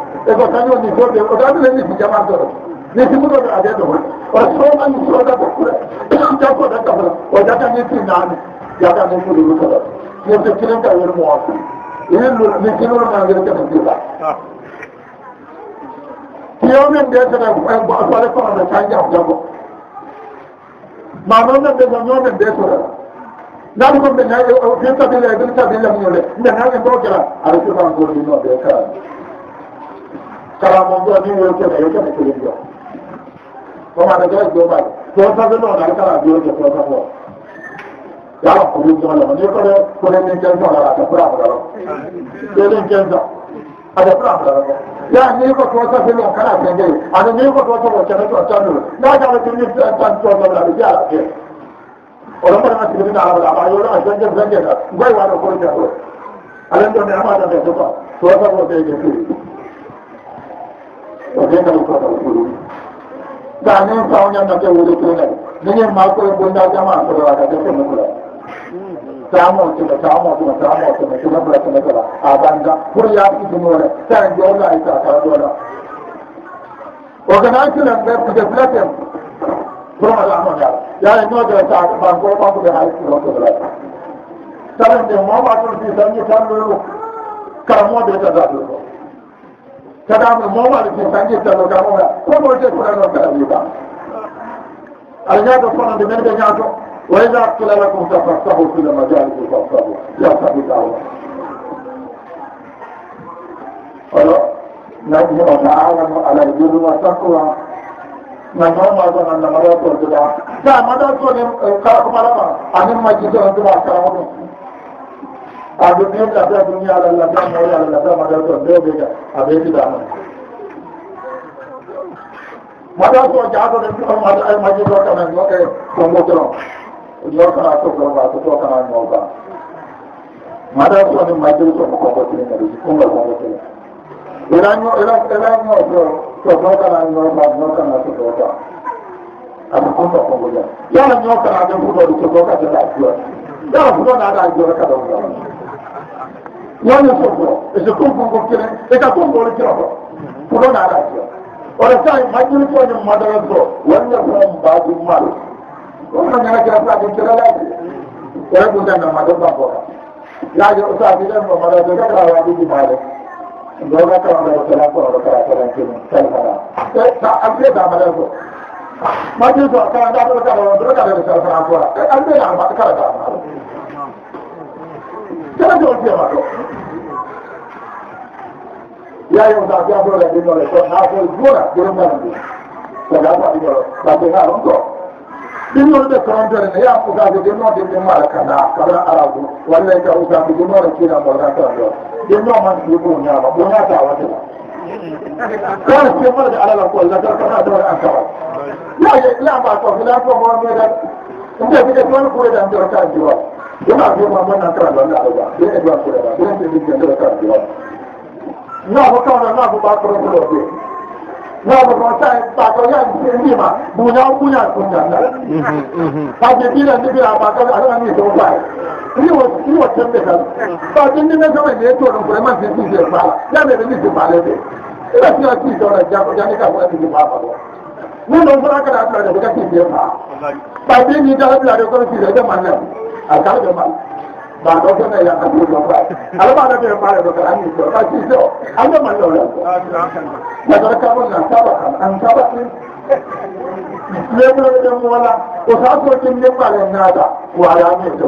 e ko kañ woni gorɓe o ɗa ɗumen nefi jamatoro nefi muɗoɓe adee ɗo on o soomani sooda bokkure jakkoɗa kafra o jakkanefi naane jakkane fuɗi mutoro yemto kinen ka wer mo wasa yinlul min kinuro nangir kene mbiɓa tiyo men nde tene soare korona cañjaf jago ma non no ɓe noño men nde tore nan ko ɓe nayi fi tabilla e ɗum tabillamñole mɓe nayi ngo gara aɗa cuɓangorɗinoɓe kaa karamo ngo ni wo ke ne ke ne ke ngo ko ma ngo ngo ba ko ta ngo na ka ra ngo ke ko ta ko ya ko ngo ngo na ni ko ne ko ne ne jan ta ra ta pura pura ro ke ne jan ta a da pura pura ro ya ni ko ko ta ngo ka ra ke ngo a da ni ko ko ta ngo ke ne ko ta ngo na ka ne ke ni ta ta ngo ngo ra ke ya ke o da pura ma ti ni da ra ba ba yo na jan jan jan ngo wa ro ko ta ko alen do ne ma ta ne ko ko ta ngo ke ke ke ga nen faw ñannake wole kene miñen ma koye bonda jama koe waga defene kula tamo tene tamo tene tamo tene tene bula tene kala a banga pour yaɓitumore tan jola ay sakara ɗona ogana kilan ɓe kude bulatem pour madamoñal yaye nodere sa banko ɓakude hay kilo kebla tarande momatol fi tan ñi tan lolu karamoɓe tadatlo kadaɓe momaɗo ki sangirtalo ga momaa komo de kuranon kala wiba aɗa ñaato fonande men ɓe ñaato wa ida kila lakum tafassahu fila majalisi fassahu yaftahillahu alo nayi o taalamu alal birri wa taqwa na noma ɗo nanna maɗa tolduɗa sa maɗa tolim kala ko maɗama anin majjito on duma kala ko ɗum a do meeɗa ta ko ñaala allah tama wa allah tama ɗa ton dewɓe ga a ɓeytidama maɗa so jaatode ɗomaɗa ay majjito kamen oke ko gotoron jotana sokoroma ko tokana mowba maɗa somi majjito ko kongotiringaɗo kongol kongotiri eraño ela elaño to tokana mowba ñokana so toka aɗa konga kongo jan yala ñokana ɗe futoɗe to tokatela juwat yala futo naɗa juwata kaɗa ngaa wawi comporo e je comprend ok kene e ka comporo kirato ko ɗon ala ki ono tawi majjuri koñe madaras o wonne kon mbadu mal ono ñana kira saɗe kira laaji ere ɗum tan nan mado bambora laaji o saati ɗen o madaras o kakra waɗuji maade ɗoga kawaɗotela koɗo karakaran kin salfara e aldeda madaras o majjuri to kaa ndaɗoɗo kaɗa ɗoɗo kaɗeɗo salfara kora e aldeda kara gaa maaro tawjoon jeewaa ɗo yaayonta jaadoore ɓinnole ko naa koye juuna jorondana ndi sagaaɗiɗo bade haa ɗon ko ɓinnol ɓe corontere ne yaa usage de noode ɓe mara kana kala arabu wallay ka usage de noore cinamo rantaɗo ɓe nooman ɗi ɓo ñaama ɓo ñaata watela kala ke marde alala ko lagal kana doore an kawa yaye laamba ko ko laa ko moo meeɗan ndefiɗe toon koyɗan jorotan jiwoo wona gorma mona tranlanaɗoa ɓe exemplea nako kawna nako ɓakorokoloɓe nako rosa ɓako yae ndima buña o buña kuñanda pace ɓila ndibira ɓako aɗani to fay iwo iwo temɓe tan pace ndime soɓe ne tono vraiment c'est sujet bala yaɓeɓe ndisi balede ɓe sia sisona jako janika ko ɗiɗi mama ɗo mun ɗon fota kata aɓɓirade ko gaccidie ma ɓa ɓeni da aɓɓirade kono sire jamanne alkala jama ba ɗo kene yaaɗo ala ɓaɗa ɓe mbaɗe ɗo kata ani ɗo ɓa sise o an jamanne o yaa yatoto kaɓon an saba an saba ɗin mais ɓuroɓe ɗen wala o sa sotimɗen ɓaɗen naata waɗa mi ɗo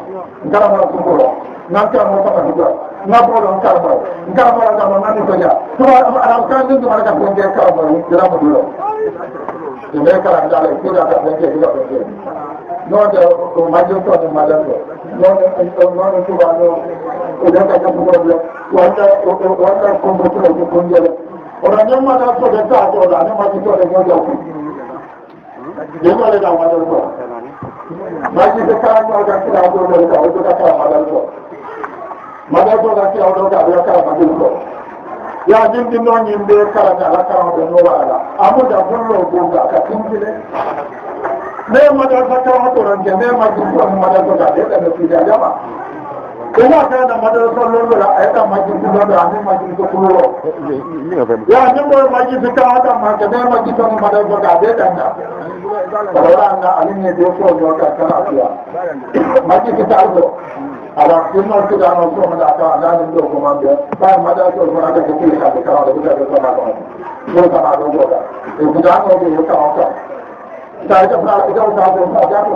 ngaramara sukoro nan karamara fata duga na problème karamara ngaramara gama nani toja tuma ara kan din dumara ka bonge karamara ni dira mo duro dumbe karam dale kuda ka bonge duga bonge no de ko majo to de malato no de to no de tuba no uda ka ka problème wanda wanda kombotro ko bonge ora nyama da so de ta ko da nyama to de bonge ko Jangan lupa, jangan lupa. majjide kaaoogakkiraa dowdonta o joga kara magal ko magal jogakkira o dowta aɗa kara magil ko ya yimɗi noon yimɓe karata ala karaoɓe no waala amuda gollo gonga ka timtine mais magal sa karaa toronke mais majjide ko magal jogaɓe ɓe no fiide a jama kowatana madrasa lolola ayata majjirko lolola ani majjirko kuroro ya nimbo majjirfika ata make ma majjirtono madrasa ka de danda aana alinne defoñoka kala fiya majjirfitaalto ala sinnol kidano somda ta anani do commande ɓay madrasol fonaka ko kiikade kawaɗo ɓitaɓe samaɗo ɗo samaɗo goɗa e kidanoɓe yo kawa ka sa jafa jawtaɓo sa jafa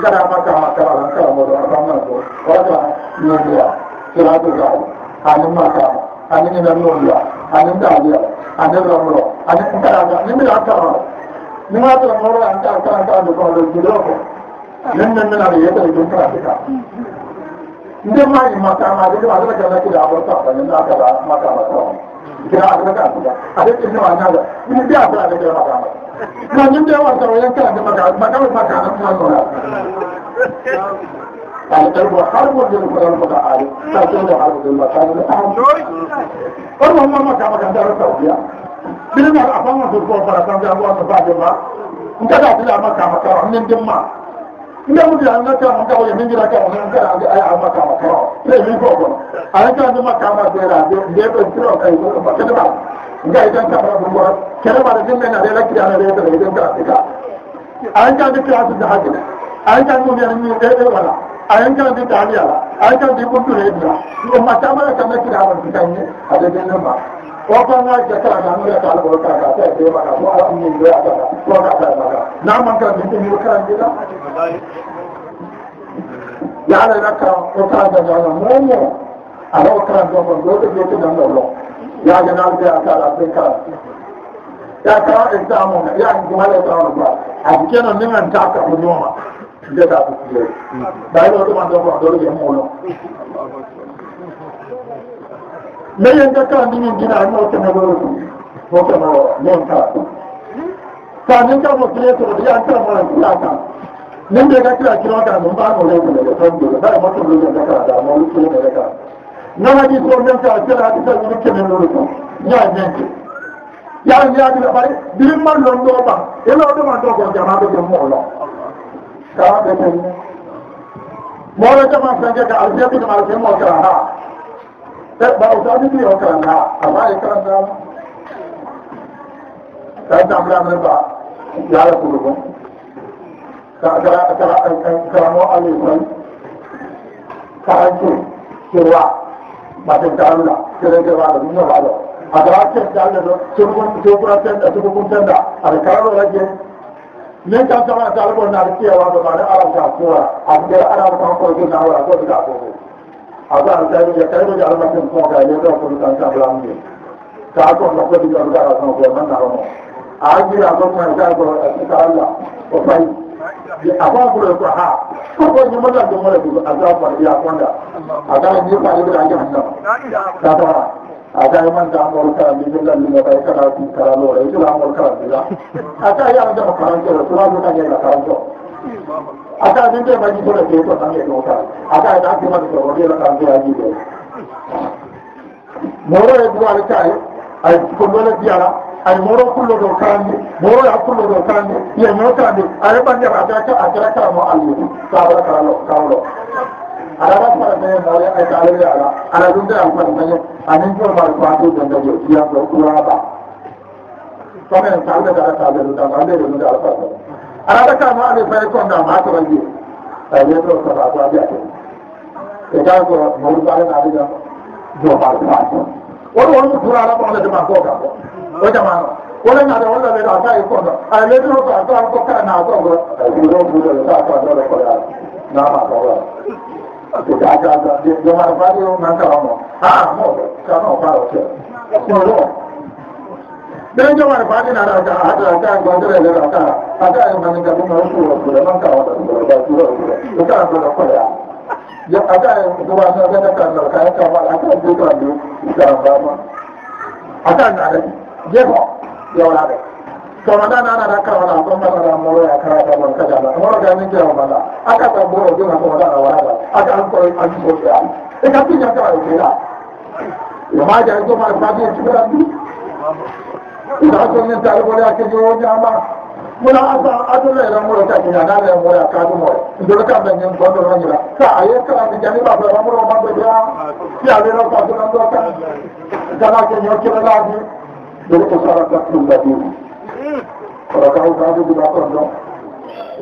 gara makkaha kalalan kala moɗo famnato wata nuuya siratugaw ani makkaha ani ina nuuya ani dalia ani romro ani karaga ni mina kama ni matra moro anta kalantando kono ɗo jiɗoko min min minaɗa yetere jumkrantika nde maañi makamaje ndema aɗa jana kude aɓol paɓane nagaa makamaa kina aɗaaga aɗa ɗe newanaga ɗe aɓaɗe makama ma ñim de war taw yen kalade maga magaɓe makana tumanona ay elbo har bo jeni koɗan koga ari tawtede har ɓoden makane a on wonma maga maga ndaro tawdiya ɓinenaga a famatoto bara tan mbiyago wanno baade ma ngaɗa tila makama kawa min dimma yahudi a nakama ngawo ye nengira kama ne ankara ande aya a makama kara te min ko kono ayanka ande makama dera nde ɓe kiro kay ba kedeɓa ngay den kamra ɗum ɓora kedeɓaɗa dimmena rela kiyana retere den kratika ayanka ande créatu de hakine ayanka ande momiyana mi ɗeɗe wala ayanka ande taliyala ayanka ande ɓurdu hedira ɗo makama ya kamna kiraɓa ti kanñe ade denne ba okanga jakaganoyakalaɓolkaga ta de maga fo alamiyoyakaga okaga maga na manka mitemiro karangila yala raka okagagana momo ala okagagon goɗo jeke dandollo yaganaldeyakala beka yaka examen yaguhaletano ba adi kena neganta kaɓo ñoma jega ɓayloɗoma dogo doɗo ƴemolo leyen gakka minen gina anna o kenaloro ɗum o kena lenka sa min kam o créateur yankama yaka min de gakkila kiroka no mbano lekoleo tandure ɓaye makkoloe gakka damalu kene reka nanadi so lenka keraɗi kañunu kenaloro ko ñay menke yaa yaadila ɓay ɗimman lon ɗo ɓa eloɗoma dogo jamaɓe jom moolo kaɓe ten moolo jama sangeka alseɓinma semo kaha ɓaawo so ami mbiyi hokkata ngaa ama e karantaama tawta amraamre mba yaala kuro kon karamo alay ibrahim karanke sirwa mbaten taamla kerenke waaɗo ɗumno waaɗo adawa ten dalle ɗo sorgon sopra tenɗa sorgon tenɗa aɗa karanora je min kam tama talaɓonnaɗe kiyawaɗo maɗe arawta suura aɓe ɓe arawa kankoe jonnawara goɗɗiga fofo aga andañiya kayno jalna ten fogañe ɗo kono tan sablamde ta gono kodi jon gara ton ko nannaromo a jira ko kaygaoita allah o fay afaguro ko ha fokoñimolaldemole dugo agafar yakonda agaa jirtaibira jahannama dafara agay man damol karandiɓe lallimo kay kana tu karaloore islamol karandiga aga yaa jama karanto o sulamu kañeyga karanto ataa nen de ba jitola ke to tange nota ataa da ke mabbe o de la kan de ajib moro e dua le tay ay ko dole diala ay moro kullo do kande moro ya kullo do kande ye nota de ay ba de ba da ka akra ka mo alu ka ba ka lo ka lo ada ba ka de na le ay ta le ya la ala dun de am ka de ne anen ko ba ko atu de de ya ko ura ba ko men ta le da ta de da ba de de da ta alaɗa ka ma ane fayi konga ma ko wajje ay ne to sama e ko abi ate e ka ko mawru bare na abiga do bar ba ko wono wono dura la ko ala de ma ko ka ko o jamano wono na de wono be da fayi e konga ay ne to ko ato ko ka na ko ko ay do bu de ta ko do ko ya na ma ko ya ko ka ka de do mar ba de o na ka mo ha mo ka no ba o ke ko ro ɗen jomare faadinaɗa ka hata ka gondereɗeɗa ka haka e mani ka ɗum noon suro sura noon ka waɗa suro sura ka goɗo koya aka e gobasoɓene kannor kaye kamal aka jokandu kambama aka nade jego yewnade komanda nanaɗa kawala gommanaɗa moloya kaaɗamon kajala moro gani kewmanda aka ta boro jona komandana warada aka ankoy ansoya e kapiña kawa e kiɗa yo maja e gomare faadi e cukaran du ndaatomin taalgole akeji o ñama wona asa adole ramuro ta ñana remore a kadumoye ndolo kamɓe min gondoroñira sa a yettaande jani ɓaɓe ramuro maɓɓe ɓea fiyalero fasonando ta kala keñokirelaadi ndolo ko sara gatɗum ladir koro kaw kadu guda kon ɗon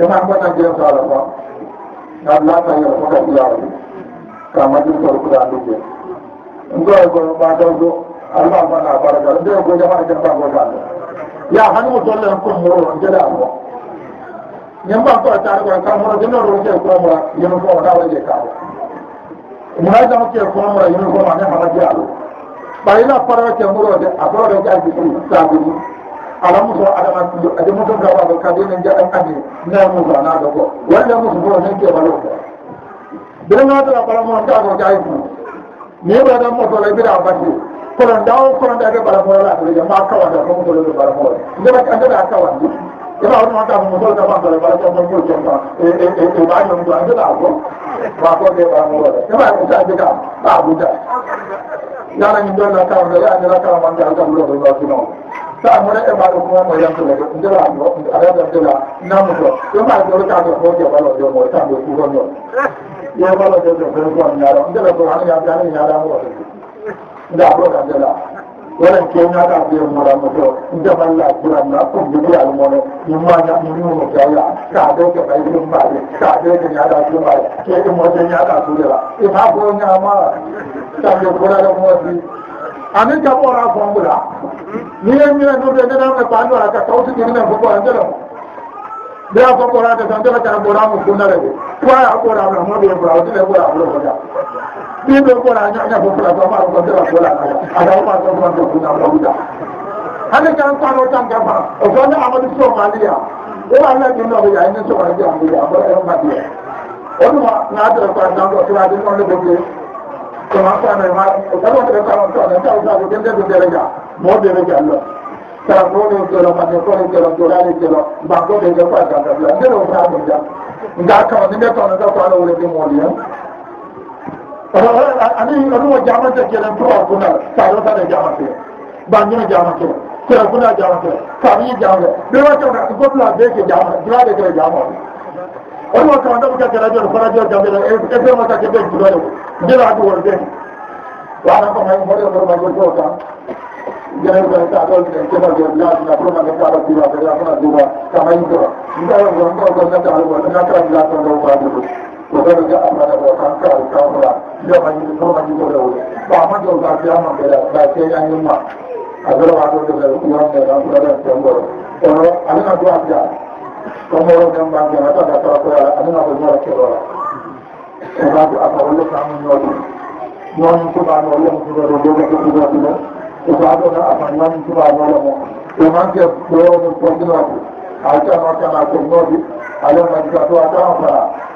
ena mbona jen sala fa ngam laatayel fo kadi yaawi ka majjum toro kuɗa ndugge ngoy goo mbadaw do allah mana barga nde go jamaa jamba go balle ya hanu dolle ko mo ron jela mo nyamba ko ta ro ka mo ron ro ke ko mo yeno ko ta wa je ka mo ra jamo ke ko mo yeno ko ma ne hala ja lo ba ina paro ke mo ro de a ro de ja ji ku ta bi ala mo so ada ma ku ada mo ga ba ko ka de ne ja da ka de ne mo ga na do ko wala mo ko ne ke ba lo ko de na ta ba mo ta ko ja ji ne ba da mo so le bi da ba ji kono ndaw kononde ake bala moolalaɓole jam ma kawanda ko mutolode bala moole ndewa andeɗa kawandu ema onomanta ko mutolde bangole bala moolmol jomma e bañom do andeɗa ko ma koɓe bala moole ema usaji kam ɓaguda yaranim donna kawande ya andeɗa kawamangal tan lobe wasino sa mone emaɗo kumamo yantolede ndewa o aɗaa ndewa namuto ema ɗoo kaɗo ko ke balo de mo tanɗo kugonnoo ye balo de ɗo ɓe gon ñaro ndewa go hano ñaɗ hano ñaɗa moɗe ndaxoona ndela walan ke naga ɓeer morano to ndemalla juranna pour jegyal mono mi mana mimuno jawla ka do ke ɓay ɗum mbaɓe ka do ke ñaɗa ɗum ɓaɓe ke imode ñaɗa tudela ifa bo ñama tande korare moosi amin kam ora fombula miyen mina nurde ndenaɓe paandora ka kawti ɗinginen fo ɓora ndela nde a fo ɓorade tan ndela kara ɓoramu funnarede poya ɓoramna moɓe ɓora tile ɓora fulofoja ɗiɗo kola ñaña fofla fa ɓaro kodira kola aɗa wa fofla fa kuna fa wuda hade kan kwano tan gamma o fonde amadu somalia o alla ɗi nogo yaa ene sogo ndi o ɗuma na tere kwa nango kira ɗi nonde bobe kama kwano ma o kalo tere kwano tan ta o sago gende do dere ga mo dere ga lo ta kono kero ma kono kero do rale kero ba ko de ga kwa ga ga ndero fa ga ga ka ni me kono ta kwano wure ɗi mo ɗi ani onuwo jamante jene proguna sadotane jamante bangina jamante kerguna jamante famille jamante bewatoa gotla beke jama gradegre jama onuwo kandomkake radio koradio jambeda efemotake ɓe jiroyo jira adu wol ɓen wanakoma horeoromagoto ka jeneta dolde kebagelaina pronaetaɗo tiwa ɓeaona duwa kamayidoa ngaoonatalgo natrabilatondowfadudo ogoro ga amana o tan kaw kawra jomañi nomañi go rewde ɓa moƴo ga fiyama ɓeɗa ga keƴañumma a gorowa ɗo ɗo yonne tan koɗen tengoro kono anena duwa fiya comme oro men mbangena taga tawa koyala anena ko ñoora keɗora ogaju ata wolle kamu ñooɗi ñooñi cubano yontunoro jogato ɗugatuno ogaɗona ata ñooñi cubanolemo o manque ɗo ni poginoɗi a cano kana ko ñooɗi alemaɗi ka tuwa tama para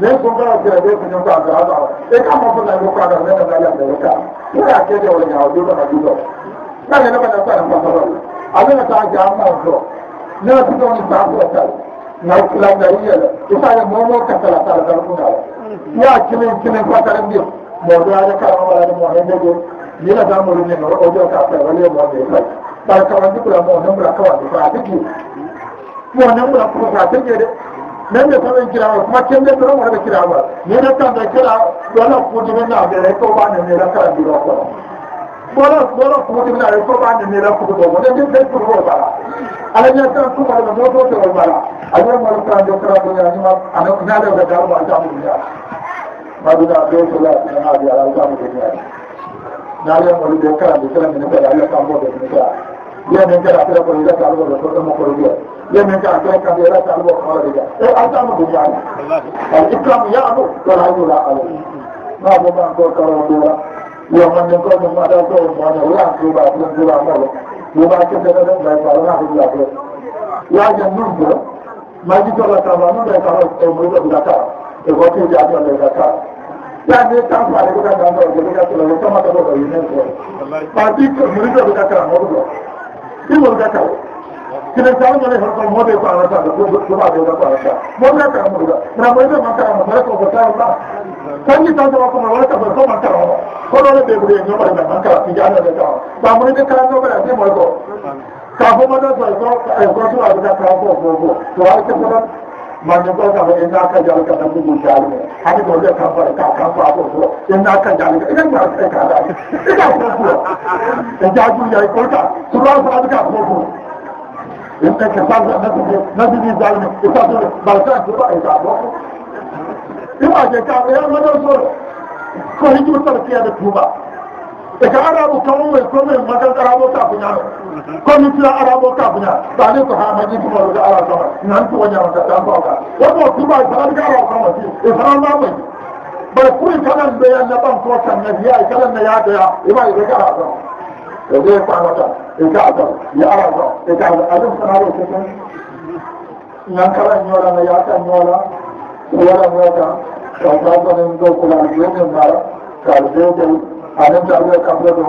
mais son gara fiya do ko ñonta do ala e ka mo fa na ko ka ne na ya de ka pura ke de wala ya do na du do na ne na ta na pa do ala na ta ja ma do na ti do ni ta ko ta na ku la da ye la ku sa ya mo mo ka ta la ta la ku na ya ki ne ki ne ko ta re mi mo do ala ka ma wala mo he de go ni na ta mo ni no o do ka ta wala mo de ka ta ka wa ni ku la mo ne mo ra ka wa ni ta ti ki mo ne mo ra ku ta ti ki de mene tawe kirawo kuma kende toro wara kirawo mene tanda kira wala kudi mena mere ko ba ne mere kala biro ko wala wala kudi mena ko ba ne mere ko do wala ne ne kudo ba ala ne tan ko wala mo do to wala ala mo tan do kra do ya ni ma ana na le da ba ta mu ya ba do da do to la na ma ya ala ta mu ya na le mo do kra do kra ne ba ya ta mu do ni ya yemin kata kira ko yirata alugo ko do mo ko do biya yemin kata kira ka yirata alugo ko do biya e alta mo do biya al ikram ya alu ko la yula alu ma bo ma ko ka ro biya yo man ne ko do ma da ko ma da ya ko ba ko do ba mo mo ba ke da da ba ko na hu la ko ya ya nu bo ma di ko ta ba no da ka ro ko mo do da ka e ko ti ja ko le da ka yaani tan faale ko ka dando ko ka to le ko ma ka do ko yene ko parti ko mo do ka ka no do tiwol gataw kine sawñane horkol moɓe ko alatade tubaɓeda ko alata moɓetaamuɗuga ramoyɓe mantaramo ɓere koko tawɗa tanñi tawtawa koma waltafoy ko mantaramo koɗole ɓeɓuri e ñomoreɓe mantara pijanade taw ɓamoyɓe kalanoɓe adimoy ko ka fomaɗa soy ko ko tubaɓe gatta fo fo fo to wawi keɓoɗan mande ko kaba en naka jal kada mumu jal hade ko le kaba ka ka ba ko so en naka jal ka en ba ka ka e ka ko ko e ja ju ya ko ka so ra ba ka ko ko en ta ka ba na ko na ji ji jal ko ta ko ba ta ko ba e ka ko ko ima je ka ya ma do so ko hi ju ta ki ya de ku ba e ka arabu kawoe comme magal arabo kabuñano comme tila arabo kabuñano bane ko ha majitumaloge ara kama nantuo ñamata tanpoka wonmo tuba saɗanke arabo kama ti e saranmamo ba puri kalan ɓeya naɓan ko tanga hiya e kalan na yadoya imayi e ɓe ka ara kama e de kamata e ka ata ye ara kama e ka alim sanaro keke ñankala ñoola na yata ñoola wara ñoota kaw tatanen dow kulaal ɓeɗen mbara kaal ɓeɗel anen tawiya kamɓe ɗo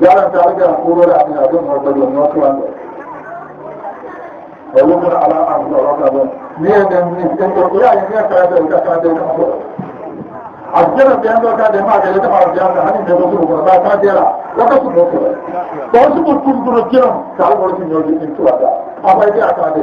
yarantawiga kurore amin a ɗon oɓa ɗo notuwan ɗo oyumun ala anɗoroka ɗon mi enen ni en ɗo ɓuraye mi kaɗe gakade kamɓo ɗo a jena mbiyan ɗo kade magare dema jeanɗa hani me ɗo suɓugo ɓa ta jera woka suɓo kuɓe ɓa suɓo tumduno jenom kalɓoro siñoji ɗin tuwaɗa a fayde a kade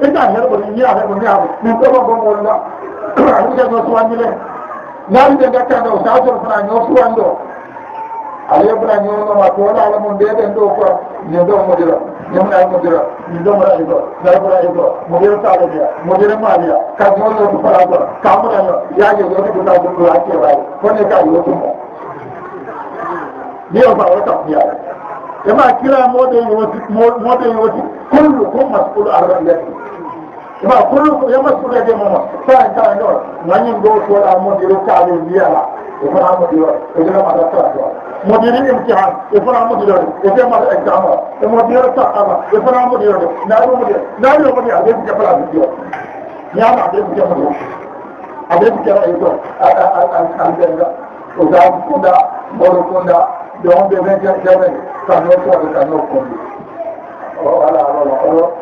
e ta herɓo ne yiya heɓo ndiyaɓo ɗum ɗoma gomolla hirgaño suwañile naari ɓe gaccande o sajol fana ño suwañ ɗo alaya bona ñonoma toolala mo ndeɗen ɗo ko ne ɗo modira ñemnay modira mi domrayi ɗo naybrayi ɗo modira salomiya modira maliya kad mo yotu fala ɗo kamrayo yaje yoti gutajumɗoa kewawi kone ka yotumo mi yofa o tafmiyaɓe ema kira moɗe yooti moɗe yooti kullukum masulu arrabiyati ma kolko yamasurede moma saa kaanoo nañin ngoo soɗa modiro kaalo mbiyala o fota modiro eɗenamata trat modiri imtihan e fota modirode etemata exame o e modiro taqama e fota modirode naaɗo modir naaɗo modira de bike pla mbiɗio ñama de bike modir ade bike ray to alɓenga o gam kuda oro kunda de on de vingt quinq jamai kanoo soode kanoo kondi o ala alala oo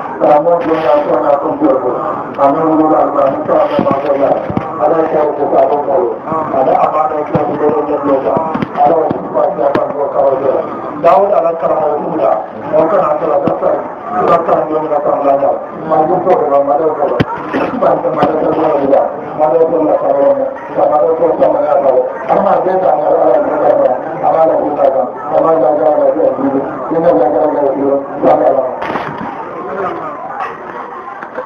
sa moƴƴoɗa sona kom jorgo anowuroɗa sam sonama jorga ala kewko sa ɗo kawo aɗa amaɗa kewkoɗo neɗɗoka ala wokkoaabango kawa jora dawoɗa ala karama ɗumɗa on kona sola gasan gasan yomna kam lamal mago sogoma maɗew kolo pante maɗetaɗuɗa maɗew kolla kawomo sa maɗew ko samaga kawo amma detangal ala gaa amala gusa kam amala gagaga ɗiɗi ina gagaga ɗiɗo sagalama Thank you.